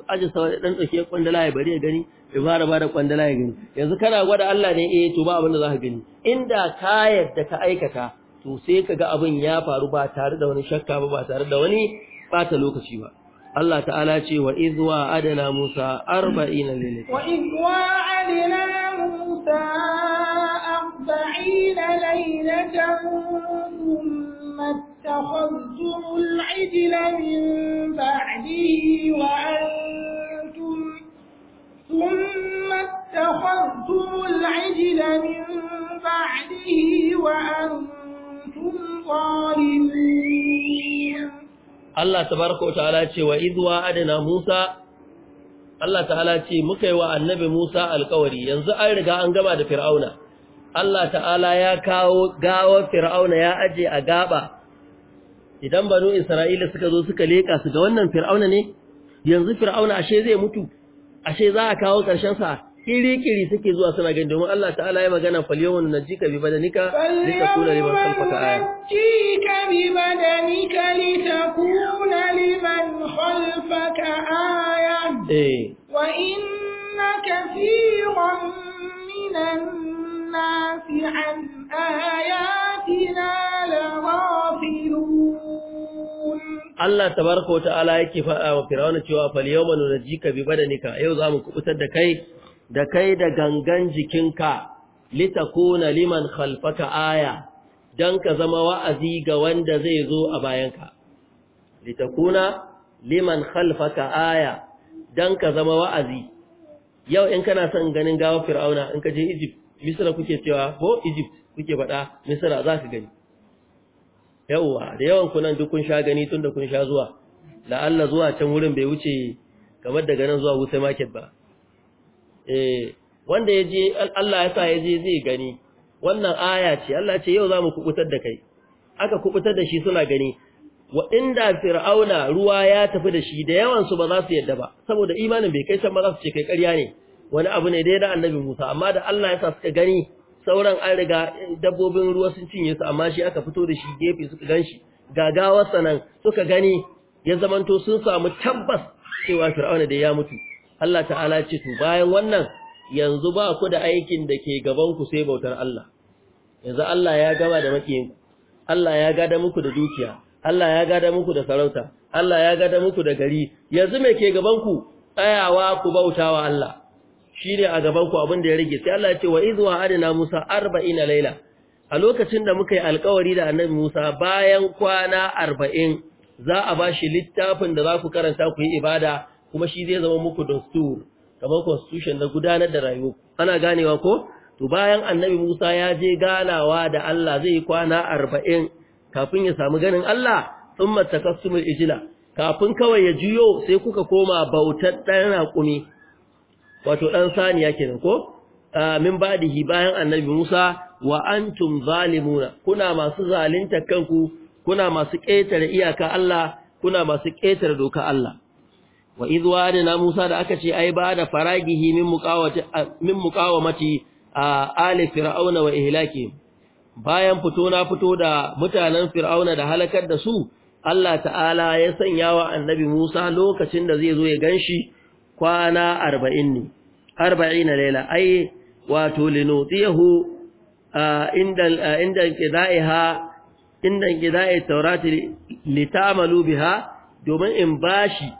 aje sa dan tsake kwandala ya bari ya gani ya fara bada kwandala ya gani yanzu kana gwada Allah ne eh to ba abin da zaka gani inda ka yadda ka aikata to sai kaga abin ya faru ba tare da wani shakka ba ba tare da wani bata lokaci ba Allah ta'ala ce wa iz wa adana Musa 40 layla wa iz wa adana Musa 40 lailatan اتخذتم العجل من بعده وأنتم ثم اتخذتم العجل من بعده وأنتم ظالمين الله تبارك وتعالى وإذ وعدنا موسى Allah ta'ala ce muka yi wa annabi Musa alkawari yanzu an riga an gama da Fir'auna Allah ta'ala ya kawo gawar Fir'auna ya aje a gaba idan banu Isra'ila suka zo suka leka su ga wannan fir'auna ne yanzu fir'auna ashe zai mutu ashe za a kawo ƙarshen sa kiri-kiri suke zuwa suna gani domin Allah ta'ala ya magana falyawan na jika bi badanika li kuna liman khalfaka aya jika bi badanika lita kuna liman khalfaka aya eh. wa inna kathiran minan nasi an ayatina laghafil Allah tabaraka wa ta'ala yake faɗa wa Fir'auna cewa fal yawma nunjika bi badanika yau zamu kubutar da kai da kai da gangan jikinka litakuna liman khalfaka aya dan ka zama wa'azi ga wanda zai zo a bayanka litakuna liman khalfaka aya dan ka zama wa'azi yau in kana son ganin gawa Fir'auna in ka je Egypt Misra kuke cewa ko Egypt kuke faɗa Misra za ka gani yauwa da yawan kunan duk kun sha gani tun da kun sha zuwa la'alla zuwa can wurin bai wuce kamar daga nan zuwa wuce market ba eh wanda yaje Allah ya sa ya zai gani wannan aya ce Allah ce yau zamu kubutar da kai aka kubutar da shi suna gani wa inda fir'auna ruwa ya tafi da shi da yawan su ba za su yadda ba saboda imanin bai kai san ba za su ce kai ƙarya ne wani abu ne da ya da annabi Musa amma da Allah ya sa suka gani sauran an riga dabbobin ruwa sun cinye su amma shi aka fito da shi gefe suka gan shi gagawarsa nan suka gani ya zamanto sun samu tabbas cewa fir'auna da ya mutu Allah ta'ala ce to bayan wannan yanzu ba ku da aikin da ke gaban ku sai bautar Allah yanzu Allah ya gaba da makiyin Allah ya gada muku da dukiya Allah ya gada muku da sarauta Allah ya gada muku da gari yanzu me ke gaban ku tsayawa ku bautawa Allah shi ne a gaban ku abin da ya rage sai Allah ya ce wa izwa adana Musa 40 laila a lokacin da muka yi alkawari da annabi Musa bayan kwana arba'in za a ba shi littafin da za ku karanta ku yi ibada kuma shi zai zama muku dastur kamar constitution na gudanar da rayuwa ana ganewa ko to bayan annabi Musa ya je ganawa da Allah zai yi kwana arba'in kafin ya samu ganin Allah thumma takassumul ijla kafin kawai ya juyo sai kuka koma bautar ɗan raƙumi wato dan saniya kenan ko min badihi bayan annabi Musa wa antum zalimuna kuna masu zalunta kanku kuna masu ƙetare iyaka Allah kuna masu ƙetare doka Allah wa idwa na Musa da aka ce ai ba da faragihi min muqawati min muqawamati ali fir'auna wa ihlaki bayan fito na fito da mutanen fir'auna da halakar da su Allah ta'ala ya sanya wa annabi Musa lokacin da zai zo ya ganshi kwana 40 ne arba'ina laila ai wato linutiyahu inda inda kidaiha inda kidai taurati litamalu biha domin in bashi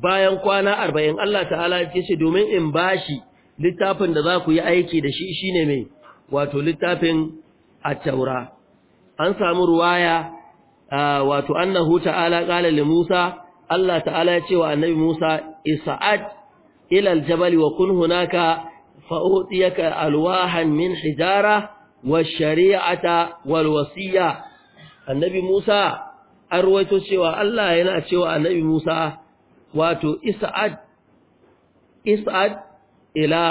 bayan kwana 40 Allah ta'ala ya ce domin in bashi littafin da za ku yi aiki da shi shine mai wato littafin at-taura an samu ruwaya wato annahu ta'ala qala li Musa Allah ta'ala ya ce wa annabi Musa isa'at ila aljabal wa Kunhunaka, hunaka fa utiyaka alwahan min hijara wa shari'ata wal wasiya annabi Musa an ruwaito cewa Allah yana cewa annabi Musa wato is'ad is'ad ila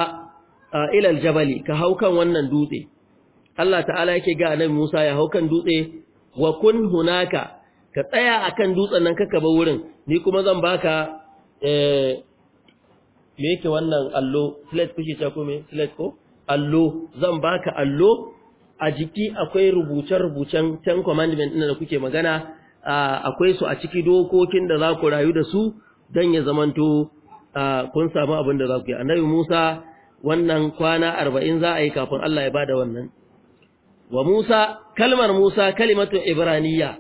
ila aljabali ka wannan dutse Allah ta'ala yake ga annabi Musa ya haukan dutse wa kun ka tsaya akan dutsen nan kaka ba wurin ni kuma zan baka eh me yake wannan allo flat kuke ta ko me flat ko allo zan baka allo a jiki akwai rubuce-rubucen ten commandment ɗin da kuke magana akwai su a ciki dokokin da za ku rayu da su don ya zamanto kun samu abin da za ku yi annabi musa wannan kwana arba'in za a yi kafin allah ya bada wannan wa musa kalmar musa kalimatu ibraniya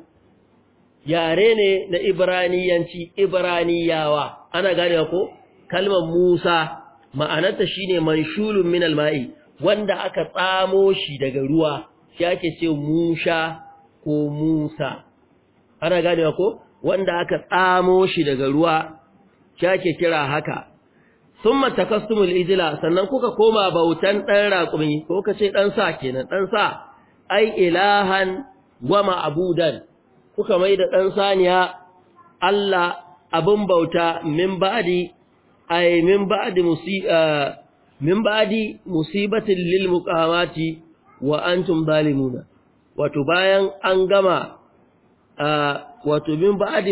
yare ne na ibraniyanci ibraniyawa ana ganewa ko kalmar Musa ma'anarta shine manshulun min ma'i wanda aka tsamo shi daga ruwa shi ake ce Musa ko Musa ana gane ko wanda aka tsamo shi daga ruwa shi ake kira haka summa takastumul ijla sannan kuka koma bautan dan raƙumi ko ce dan sa kenan dan sa ai ilahan wa ma'budan kuka mai da dan saniya Allah abin bauta min ba'di ay min ba'di musiba min ba'di musibatin lil muqamati wa antum zalimuna wato bayan an gama wato min ba'di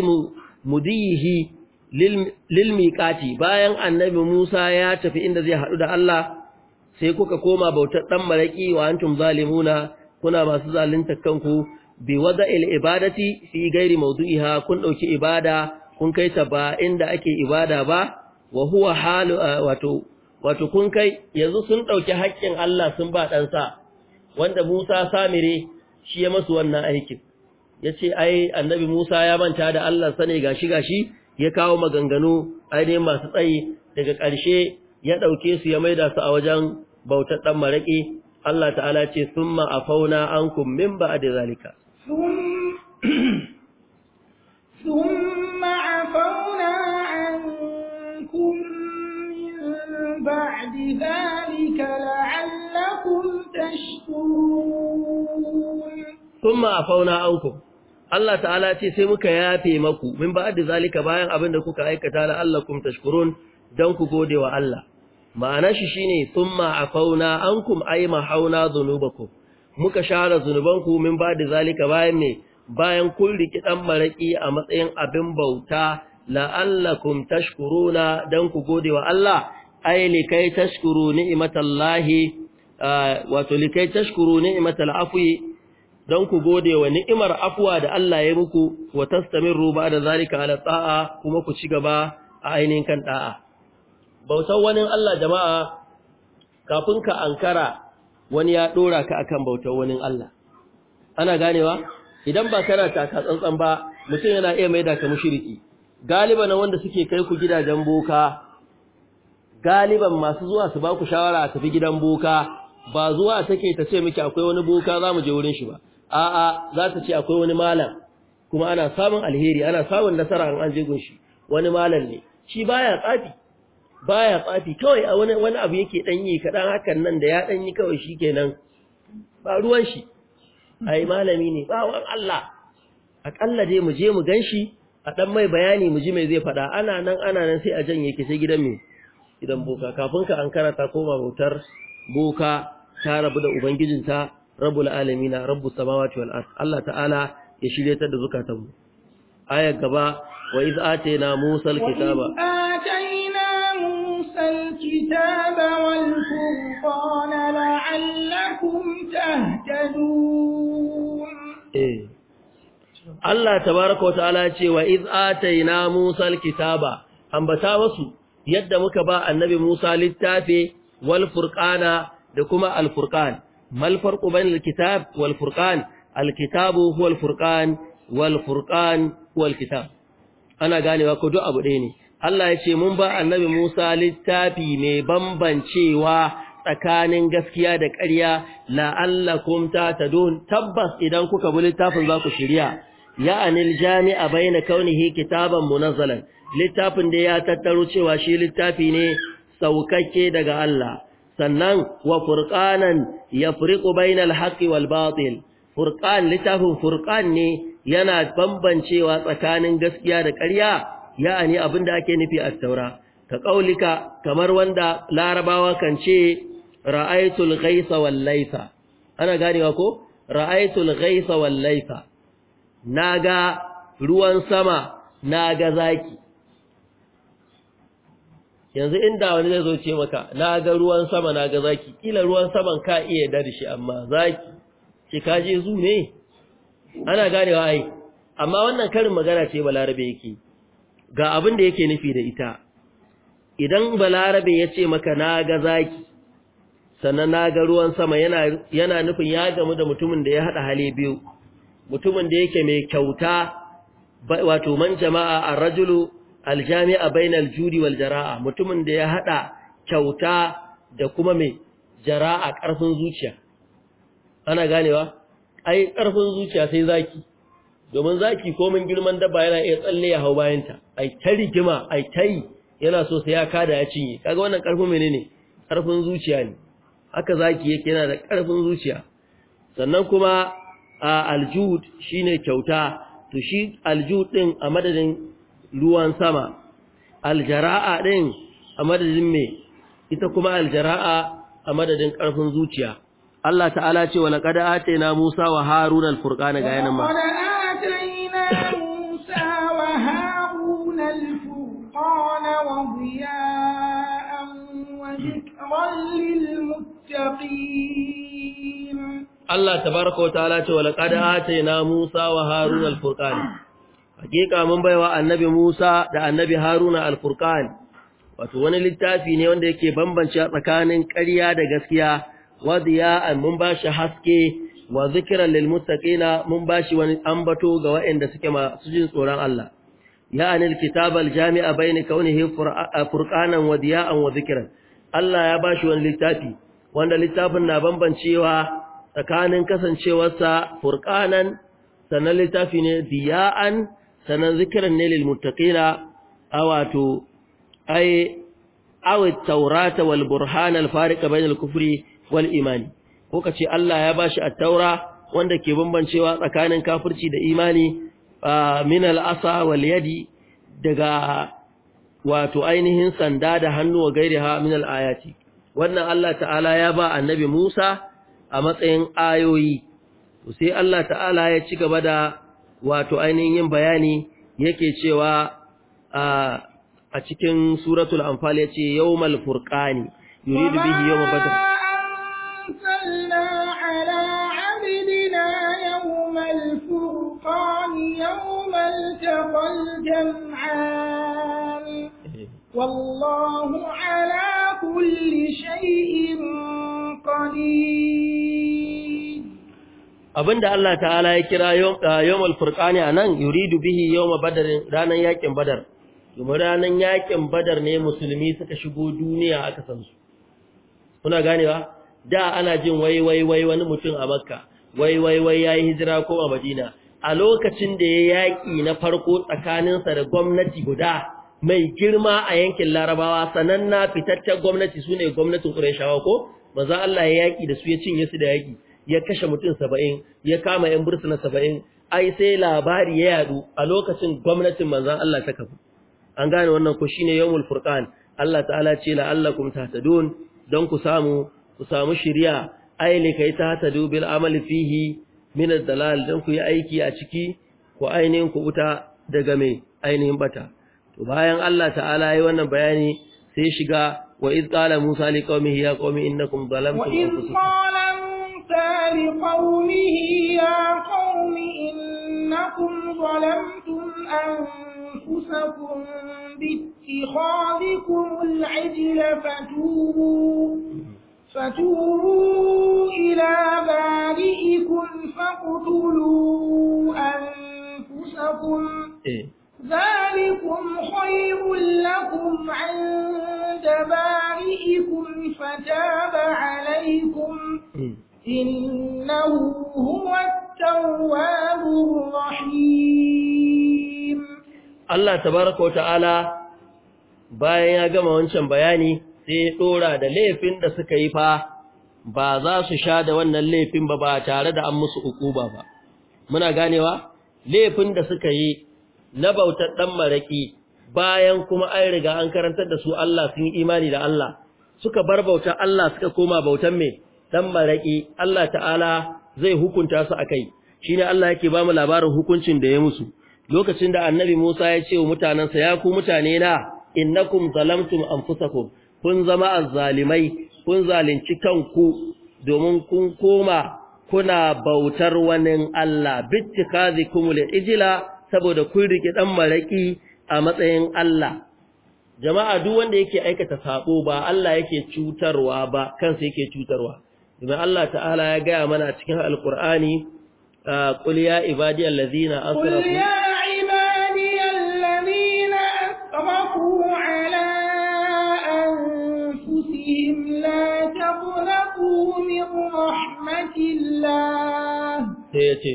mudihi lil miqati bayan annabi Musa ya tafi inda zai hadu da Allah sai kuka koma bautar dan malaki wa antum zalimuna kuna masu zalunta kanku bi wada'il ibadati fi ghairi mawdu'iha kun dauki ibada kun kai ta ba inda ake ibada ba wa huwa halu wato wato kun kai yanzu sun dauki haƙƙin Allah sun ba dan sa wanda Musa Samire shi ya masu wannan aikin yace ai annabi Musa ya manta da Allah sane gashi gashi ya kawo maganganu ne masu tsayi daga ƙarshe ya dauke su ya maida su a wajen bautar dan maraki Allah ta'ala ce summa afauna ankum min ba'd zalika summa ذلك لعلكم تشكرون ثم عفونا عنكم Allah ta'ala ce sai muka yafe maku min ba'ad zalika bayan abin da kuka aikata la'allakum tashkurun dan ku gode wa Allah ma'ana shi shine thumma afauna ankum ay mahauna dhunubakum muka share zunubanku min ba'ad zalika bayan ne bayan kun riki dan maraki a matsayin abin bauta la'allakum tashkuruna dan ku gode wa Allah ai likai tashkuru ni'imatallahi wato likai tashkuru ni'matal afwi don ku gode wa ni'imar afuwa da Allah ya muku wa tastamiru ba'da zalika ala ta'a kuma ku cigaba a ainihin kan da'a bautar wani Allah jama'a kafin ka ankara wani ya dora ka akan bautar wani Allah ana ganewa idan ba kana taka tsantsan ba mutum yana iya maida ka mushriki galiba na wanda suke kai ku gidajen boka galiban masu zuwa su baku shawara a tafi gidan boka ba zuwa take ta ce miki akwai wani boka za mu je wurin shi ba a'a za ta ce akwai wani malam kuma ana samun alheri ana samun nasara an an je gunshi wani malam ne shi baya tsafi baya tsafi kawai a wani wani abu yake dan yi kadan hakan nan da ya dan yi kawai shikenan ba ruwan shi ai malami ne ba wan Allah akalla dai mu je mu ganshi a dan mai bayani mu ji mai zai fada ana nan ana nan sai a janye ki sai gidan mu idan boka kafin ka ankara ta koma bautar boka ta rabu da ubangijinta rabbul alamina rabbus samawati wal ard Allah ta'ala ya shirye ta da mu ayar gaba wa iz atayna musa alkitaba atayna musa alkitaba wal furqana la'allakum tahtadun eh. Allah tabaaraka wa ta'ala ya ce wa iz atayna musa kitaba. ambata wasu yadda muka ba annabi Musa littafi wal furqana da kuma al furqan mal farqu bainal kitab wal furqan al kitabu huwa al furqan wal furqan huwa al kitab ana ganewa ko duk abu ɗaya ne Allah ya ce mun ba annabi Musa littafi mai bambancewa tsakanin gaskiya da ƙarya la'allakum tatadun tabbas idan kuka bi littafin za ku shirya ya'anil jami'a bayna kaunihi kitaban munazzalan littafin da ya tattaro cewa shi littafi ne saukakke daga Allah sannan wa furqanan yafriqu bainal haqqi wal batil furqan littafin furqan ne yana bambancewa tsakanin gaskiya da ƙarya ya'ani abinda ake nufi a taura ka kaulika kamar wanda larabawa kan ce ra'aytul ghaisa wal laitha ana ganewa ko ra'aytul ghaisa wal laitha naga ruwan sama naga zaki yanzu inda wani zai zo ce maka na ga ruwan sama na ga zaki kila ruwan saman ka iya da shi amma zaki ce ka je zu ne ana ganewa ai amma wannan karin magana ce balarabe yake ga abin da yake nufi da ita idan balarabe ya ce maka na ga zaki sannan na ga ruwan sama yana yana nufin ya gamu da mutumin da ya haɗa hali biyu mutumin da yake mai kyauta wato man jama'a ar-rajulu aljami'a bainal judi wal jara'a mutumin da ya hada kyauta da kuma mai jara'a karfin zuciya ana ganewa ai karfin zuciya sai zaki domin zaki komin girman daba yana iya tsalle ya hau bayanta ai ta rigima ai ta yi yana so sai ya kada ya cinye kaga wannan karfin menene karfin zuciya ne haka zaki yake yana da karfin zuciya sannan kuma aljud shine kyauta to shi aljud din a madadin ruwan sama aljara'a ɗin a madadin me ita kuma aljara'a a madadin ƙarfin zuciya Allah ta'ala ce wa laqad atayna Musa wa Harun al-Furqana ga yanan ma Allah tabaraka wa ta'ala ce wa laqad atayna Musa wa Harun al-Furqana hakika mun baiwa annabi Musa da annabi Haruna al-Furqan wato wani littafi ne wanda yake bambance tsakanin ƙarya da gaskiya wa mun bashi haske wa zikran lil muttaqina mun bashi wani ambato ga waɗanda suke masu jin tsoron Allah ya'ani al-kitab al-jami'a bayna kaunihi furqanan wa diya'an wa zikran Allah ya bashi wani littafi wanda littafin na bambancewa tsakanin kasancewarsa furqanan sannan littafi ne diya'an sannan zikiran ne lil muttaqina awato ai awi taurata wal burhan al bainal kufri wal imani ko kace Allah ya bashi at-taura wanda ke bambancewa tsakanin kafirci da imani min al asa wal yadi daga wato ainihin sanda da hannu wa gairiha min al ayati wannan Allah ta'ala ya ba annabi Musa a matsayin ayoyi to sai Allah ta'ala ya ci gaba da wato ainihin yin bayani yake cewa a cikin suratul anfal yace yawmal furqani yuridu bihi yawma badr والله على كل شيء قدير Abin da Allah ta'ala ya kira yawmal furqani anan yuridu bihi yawma badr ranan yakin badar kuma ranan yakin badar ne musulmi suka shigo duniya aka san su kuna ganewa da ana jin wai wai wai wani mutum a makka wai wai wai yayi hijira ko a madina a lokacin da ya yaƙi na farko tsakaninsa da gwamnati guda mai girma a yankin larabawa sananna fitaccen gwamnati su ne gwamnatin ƙurashawa ko ba Allah ya yaƙi da su ya cinye su da yaƙi ya kashe mutum saba'in ya kama yan bursuna saba'in ai sai labari ya yadu a lokacin gwamnatin manzan Allah ta kafu an gane wannan ko shine yawmul furqan Allah ta'ala ce la'allakum tahtadun don ku samu ku samu shiriya ai ne kai tahtadu bil amali fihi min ad-dalal don ku yi aiki a ciki ku ainihin ku buta daga me ainihin bata to bayan Allah ta'ala yi wannan bayani sai shiga wa iz qala musa qaumihi ya qaumi innakum zalamtum anfusakum موسى لقومه يا قوم إنكم ظلمتم أنفسكم باتخاذكم العجل فتوبوا فتوبوا إلى بارئكم فاقتلوا أنفسكم إيه. ذلكم خير لكم عند بارئكم فتاب عليكم إيه. إنه هو التواب الرحيم الله تبارك وتعالى bayan ya gama wancan bayani sai ya dora da laifin da suka yi fa ba za su sha da wannan laifin ba ba tare da an musu ukuba ba muna ganewa laifin da suka yi na bautar dan maraki bayan kuma an riga an karantar da su Allah sun yi imani da Allah suka bar bautar Allah suka koma bautar me dan maraƙi Allah ta'ala zai hukunta su akai shine Allah yake ba mu labarin hukuncin da ya musu lokacin da annabi Musa ya ce wa mutanansa ya ku mutane na innakum zalamtum anfusakum kun zama azzalimai kun zalunci kanku domin kun koma kuna bautar wani Allah bittikazikum ijila saboda kun rike dan maraki a matsayin Allah jama'a duk wanda yake aikata sabo ba Allah yake cutarwa ba kansa yake cutarwa idan Allah ta'ala ya gaya mana a cikin alkur'ani ah, qul ya ibadiyal ladina asrafu qul ya ibadiyal ladina asrafu ala anfusihim la taqnatu min rahmatillah sai ya ce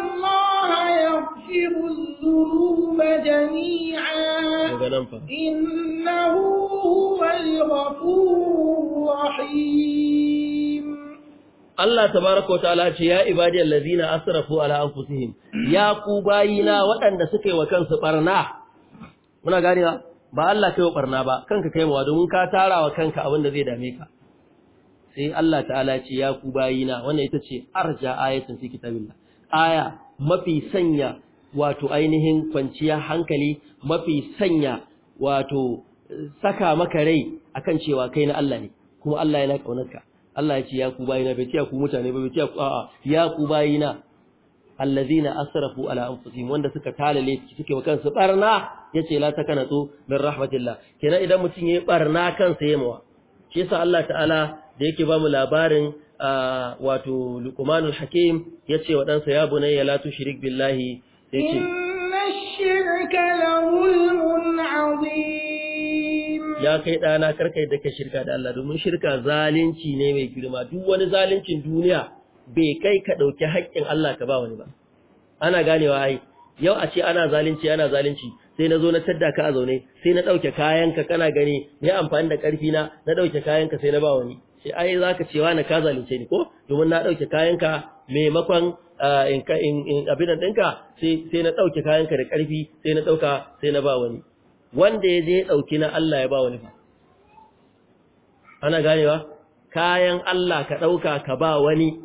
الله يغفر الذنوب جميعا إنه هو الغفور الرحيم الله تبارك وتعالى يا عبادي الذين أسرفوا على أنفسهم يا قبائنا وأن سكي وكان سبرنا هنا قال wa ba Allah kai wa barna ba kanka kai wa domin ka tara wa kanka abin da zai dame ka sai Allah ta'ala ce ya ku bayina wannan ita ce arja ayatin fi kitabillah aya mafi sanya wato ainihin kwanciya hankali mafi sanya wato saka maka rai akan cewa kai na Allah ne kuma Allah yana kaunarka Allah ya ce ya ku bayina bai ce ku mutane ba bai ce ku a'a ya ku bayina allazina asrafu ala anfusihim wanda suka talale suke su barna yace la takanatu min rahmatillah kenan idan mutun yayi barna kansa yayi mawa shi yasa Allah ta'ala da yake ba mu labarin wato luqmanul hakim yace wa ɗansa ya bunayya la tushrik billahi yace ya kai ɗana karkai da ka shirka da Allah domin shirka zalunci ne mai girma duk wani zaluncin duniya bai kai ka ɗauki haƙƙin Allah ka ba wani ba ana ganewa ai yau a ce ana zalunci ana zalunci sai na zo na tadda ka a zaune sai na ɗauke kayanka kana gani ni amfani da ƙarfi na na ɗauke kayanka sai na ba wani ce ai zaka cewa na ka zalunce ni ko domin na dauke kayanka maimakon eh, in abin nan ɗinka sai na dauke kayanka da ƙarfi, sai na dauka sai na ba wani wanda ya je dauki na Allah ya ba wani fa ana ganewa kayan Allah ka dauka ka ba wani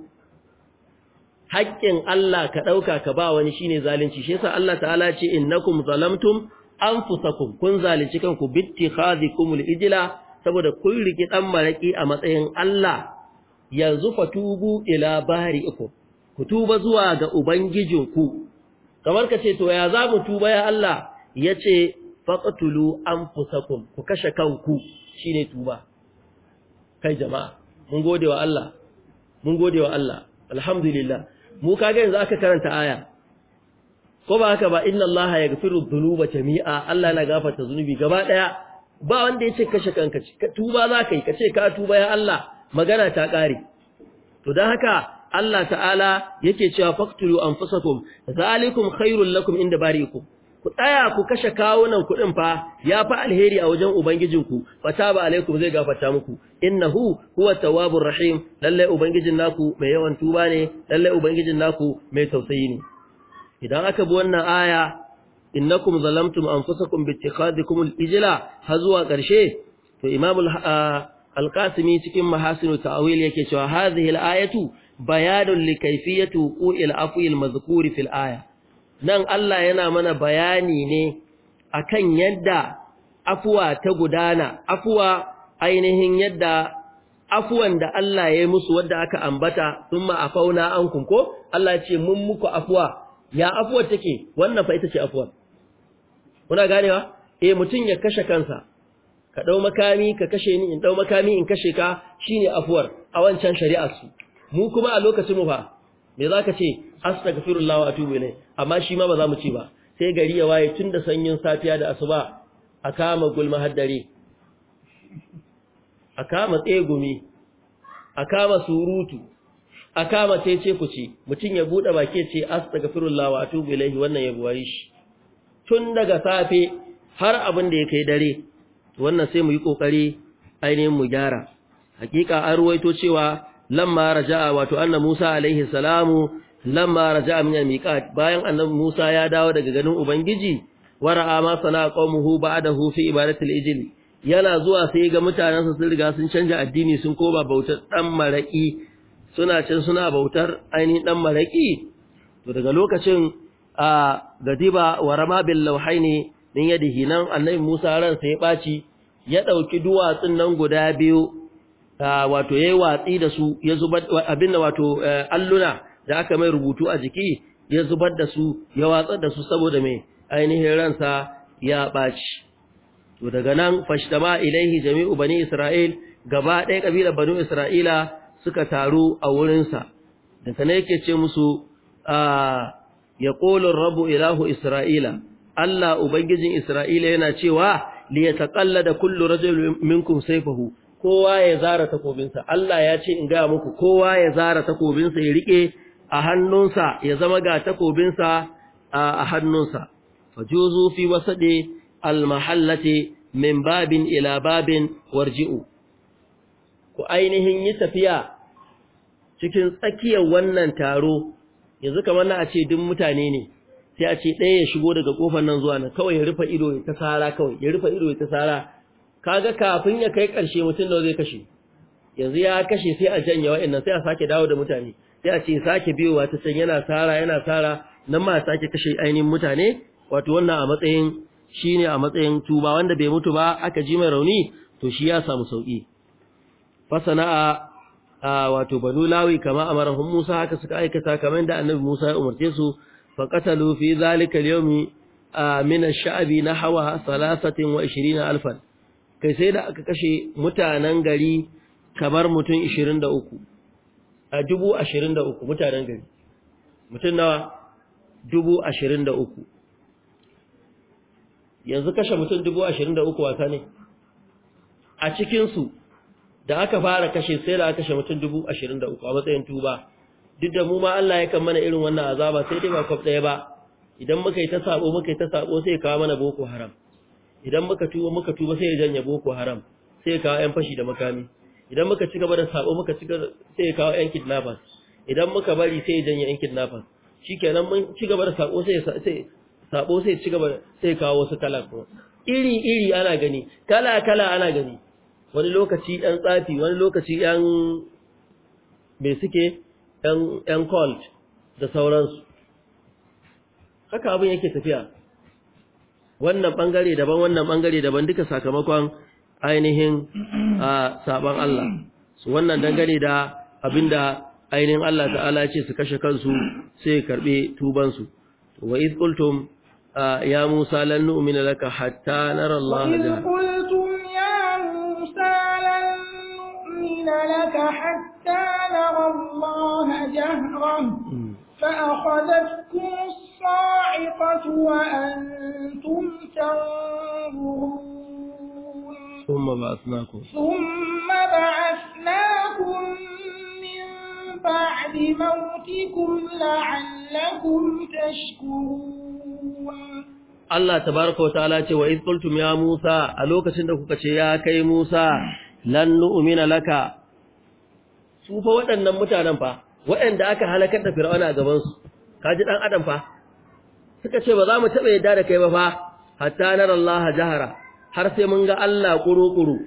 haƙƙin Allah ka dauka ka ba wani shine zalunci shi yasa Allah ta'ala ce innakum zalamtum anfusakum kun zalunci kanku bittikhadhikumul ijla saboda kun riki dan malaki a matsayin Allah yanzu fatubu ila bari'ikum ku tuba zuwa ga ubangijinku kamar kace to ya za mu tuba ya Allah yace faqtulu anfusakum ku kashe kanku shine tuba kai jama'a mun gode wa Allah mun gode wa Allah alhamdulillah mu kage yanzu aka karanta aya ko ba haka ba inna allaha yaghfiru dhunuba jami'a Allah na gafarta zunubi gaba daya ba wanda ya ce kashe kanka ka tuba za ka yi ka ce ka tuba ya Allah magana ta ƙare to don haka Allah ta'ala yake cewa faktulu anfusakum zalikum khairun lakum inda bari ku ɗaya ku kashe kawunan kuɗin fa ya fi alheri a wajen ubangijinku fata ba alaikum zai gafata muku hu huwa tawwabur rahim lallai ubangijin naku mai yawan tuba ne lallai ubangijin naku mai tausayi ne idan aka bi wannan aya innakum zalamtum anfusakum bittikhadikum al-ijla har zuwa karshe? to imam al-qasimi cikin mahasinu ta'wil yake cewa hadhihi al-ayatu bayanun li kayfiyati wuqu'il afwi al-madhkur aya nan Allah yana mana bayani ne akan yadda afuwa ta gudana afuwa ainihin yadda afuwan da Allah ya yi musu wadda aka ambata sun ma'afauna an ko? Allah ce mun muku afuwa, ya afuwar take, wannan fa ita ce afuwar. kuna ganewa eh mutum ya kashe kansa ka dau makami ka kashe ni in dau makami in kashe ka shine afuwar a wancan shari'ar su mu kuma a lokacin mu fa me zaka ce astaghfirullah wa atubu ilai amma shi ma ba za mu ce ba sai gari ya waye tun da sanyin safiya da asuba a kama gulma haddare a kama tsegumi a kama surutu a kama ce ce ku ce mutum ya bude baki ce astaghfirullah wa atubu ilai wannan ya buwaye shi tun daga safe har abin da ya kai dare wannan sai mu yi kokari ainihin mu gyara hakika an ruwaito cewa lamma raja'a wato anna Musa alaihi salamu lamma raja'a min al-miqat bayan annabi Musa ya dawo daga ganin ubangiji wara'a ma sana qaumuhu ba'dahu fi ibadati al-ijl yana zuwa sai ga mutanansa sun riga sun canja addini sun koma bautar dan maraki suna can suna bautar ainihin dan maraki to daga lokacin a Gaziba wa rama bil lauhaini din yadi hinan annabi Musa ran sai ya baci ya ɗauki duwatsun nan guda biyu wato yi watsi da su ya zubar abin da wato e, alluna da aka mai rubutu a jiki ya zubar da su ya watsar da su saboda me ainihin ransa ya baci to daga nan fashtama ilaihi jami'u bani isra'il gaba ɗaya kabilar bani isra'ila suka taru a wurinsa da sanai yake ce musu a ya ƙolin rabu ilahu Isra'ila, Allah Ubangijin Isra'ila yana cewa, li ya taƙalla da kullu rajul minkum saifahu, kowa ya zara takobinsa, Allah ya ce in gaya muku, kowa ya zara takobinsa ya riƙe a hannunsa, ya zama ga takobinsa a hannunsa. Fajuzu fi wasaɗe almahallate min babin ila babin warji'u. Ku ainihin yi tafiya cikin tsakiyar wannan taro yanzu kamar na a ce duk mutane ne sai a ce ɗaya ya shigo daga kofar nan zuwa nan kawai ya rufe ido ya ta sara kawai ya rufe ido ya ta sara kaga kafin ya kai ƙarshe mutum da zai kashe yanzu ya kashe sai a janye wa'annan sai a sake dawo da mutane sai a ce sake biyowa ta can yana sara yana sara nan ma sake kashe ainihin mutane wato wannan a matsayin shine a matsayin tuba wanda bai mutu ba aka ji mai rauni to shi ya samu sauki fasana'a wato banu lawi kama amarahum Musa haka suka aikata kamar da annabi Musa ya umarce su fa qatalu fi zalika al-yawmi min ash-sha'bi nahwa 23 alfan kai sai da aka kashe mutanen gari kamar mutum 23 a 23 mutanen gari mutum nawa 23 yanzu kashe mutum 23 wasa ne a cikin su da aka fara kashe sai da aka kashe mutum dubu ashirin da uku a matsayin tuba duk da mu ma Allah ya kan mana irin wannan azaba sai dai ba kwaf ɗaya ba idan muka yi ta sabo muka yi ta sabo sai kawo mana boko haram idan muka tuba muka tuba sai ya janye boko haram sai kawo yan fashi da makami idan muka ci gaba da sabo muka ci sai kawo yan kidnappers idan muka bari sai ya janye yan kidnappers shikenan mun ci gaba da sabo sai sai sabo sai ci gaba sai kawo wasu kala iri iri ana gani kala kala ana gani wani lokaci yan tsafi wani lokaci yan mai suke yan cold da sauransu haka abin yake tafiya wannan bangare daban wannan bangare daban duka sakamakon ainihin sabon Allah su wannan dangane da abin da ainihin Allah ta'ala ce su kashe kansu sai karɓe tubansu wa iz ya musa lannu umina laka hatta nara Allah jahara نرى الله جهرا فأخذتكم الصاعقة وأنتم تنظرون ثم بعثناكم ثم بعثناكم من بعد موتكم لعلكم تشكرون Allah tabaraka wa ta'ala ce wa iz qultum ya Musa a lokacin da kuka ce ya kai Musa lan nu'mina laka su fa waɗannan mutanen fa waɗanda aka halakar da fir'auna a gabansu kaji dan adam fa suka ce ba za mu taba yadda da kai ba fa hatta nar Allah jahara har sai mun ga Allah kuru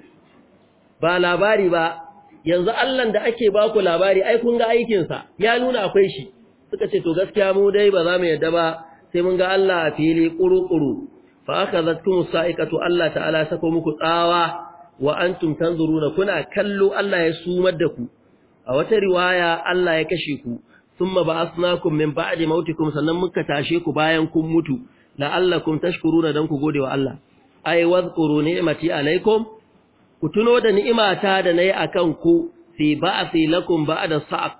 ba labari ba yanzu Allah da ake ba ku labari ai kun ga sa ya nuna akwai shi suka ce to gaskiya mu dai ba za mu yadda ba sai mun ga Allah a fili kurukuru fa aka sa'ikatu Allah ta'ala sako muku tsawa wa antum tanzuruna kuna kallo Allah ya sumar da ku a wata riwaya Allah ya kashe ku thumma ba'asnakum min ba'di mautikum sannan muka tashe ku bayan kun mutu la'allakum tashkuruna dan ku gode wa Allah ay wadhkuru ni'mati alaikum ku tuno da ni'imata da nayi akan ku fi ba'thi lakum ba'da sa'q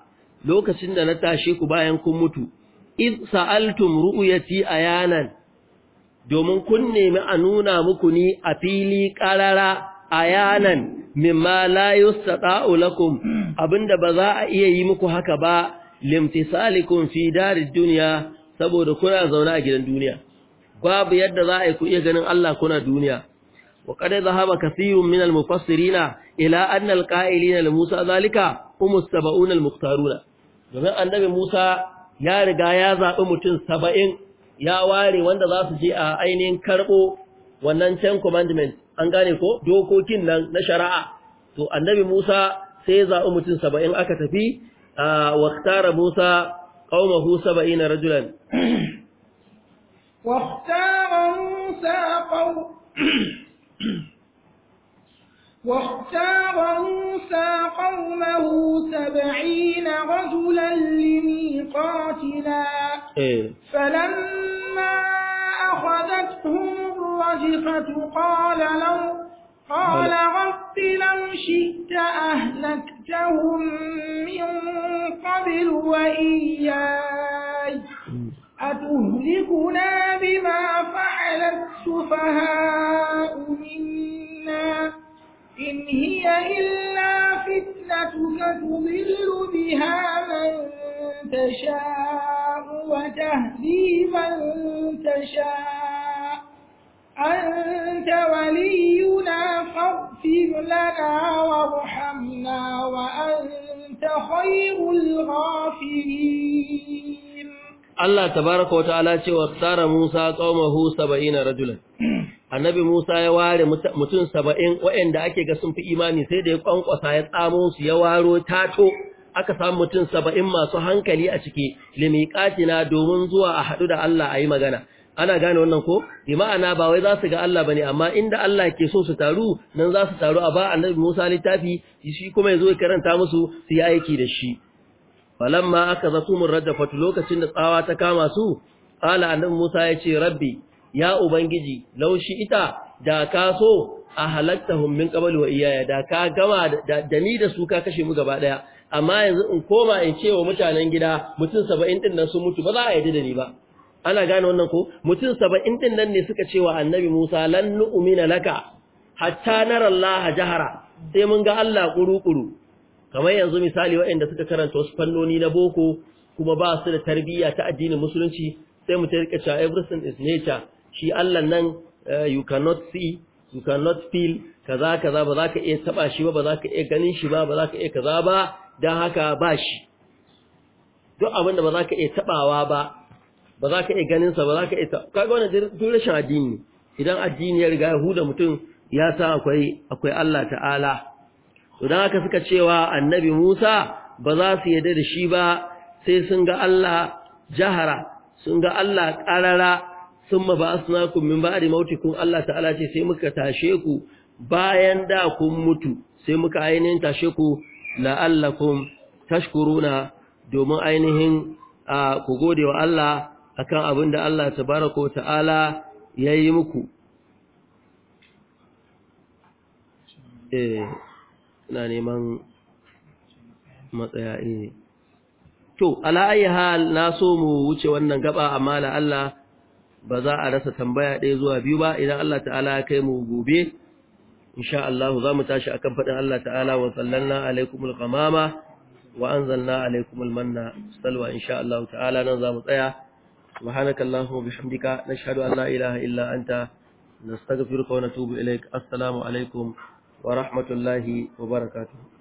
lokacin da na tashe ku bayan kun mutu id sa'altum ru'yati ayanan domin kun nemi a nuna muku ni a fili ƙarara ayanan mimma la yustata'u lakum abinda ba za a iya yi muku haka ba limtisalikum fi darid dunya saboda kuna zaune a gidan duniya babu yadda za a yi ku iya ganin Allah kuna duniya wa qad dhahaba kathirun min al-mufassirina ila anna al-qa'ilina li Musa zalika hum sabun al-mukhtaruna domin annabi Musa ya riga ya zabi mutum 70 ya ware wanda za su je a ainihin karbo wannan ten Commandments. an gane ko dokokin nan na shari'a to annabi Musa sai ya zaɓi mutum saba'in aka tafi wa tara Musa qaumahu saba'ina rajulan wa tara Musa qau واختار موسى قومه سبعين رجلا لميقاتنا فلما فأخذتهم الرجفة قال لو قال رب لو شئت أهلكتهم من قبل وإياي أتهلكنا بما فعل السفهاء منا إن هي إلا فتنتك تضل بها من تشاء وتهدي من تشاء أنت ولينا فاغفر لنا وارحمنا وأنت خير الغافرين الله تبارك وتعالى واختار موسى قومه سبعين رجلا annabi Musa ya ware mutum saba'in wa'inda ake ga sun fi imani sai da ya kwankwasa ya tsamo su ya waro tato aka samu mutum saba'in masu hankali a ciki limiƙatina domin zuwa a haɗu da Allah a yi magana ana gane wannan ko bi ma'ana ba wai za su ga Allah bane amma inda Allah ke so su taru nan za su taru a ba annabi Musa littafi shi kuma ya zo ya karanta musu su yi aiki da shi falamma aka zatumur fatu lokacin da tsawa ta kama su qala annabi Musa ya ce rabbi ya ubangiji laushi ita da ka so a halatta min qabl wa iyaya da ka gama da ni da su ka kashe mu gaba ɗaya, amma yanzu in koma in ce wa mutanen gida mutum 70 din nan sun mutu ba za a yarda da ni ba ana gane wannan ko mutum 70 din nan ne suka ce wa annabi Musa lan nu'mina laka hatta nara Allah jahara sai mun ga Allah kuru-kuru kamar yanzu misali waɗanda suka karanta wasu fannoni na boko kuma ba su da tarbiyya ta addinin musulunci sai mu ta rika cewa everything is nature shi Allah nan eh, you cannot see you cannot feel kaza kaza ba za ka iya taba shi ba ba za ka iya ganin shi ba ba za ka iya kaza ba don haka ba shi duk abinda ba za ka iya tabawa ba ba za ka iya ganin sa ba za ka iya kaga wannan duk rashin addini idan addini ya riga huda mutum ya sa akwai akwai Allah ta'ala to dan haka suka cewa annabi Musa ba za su yarda da shi ba sai sun ga Allah jahara sun ga Allah ƙarara sun ma ba suna kummin ba da kun Allah ta'ala ce sai muka tashe ku bayan da kun mutu sai muka ainihin tashe ku la'allakum tashkuruna domin ainihin ku gode wa Allah akan abin da Allah tabaraka ta'ala ya yi muku eh ina neman matsaya eh to ala'ayi hal na so mu wuce wannan gaba amma la ba za a rasa tambaya ɗaya zuwa biyu ba idan Allah ta'ala ya kai mu gobe insha Allah za mu tashi akan faɗin Allah ta'ala wa sallanna alaikumul qamama wa anzalna alaikumul manna salwa insha Allah ta'ala nan za mu tsaya subhanakallahu wa bihamdika nashhadu an la ilaha illa anta nastaghfiruka wa natubu ilaik assalamu alaikum wa rahmatullahi wa barakatuh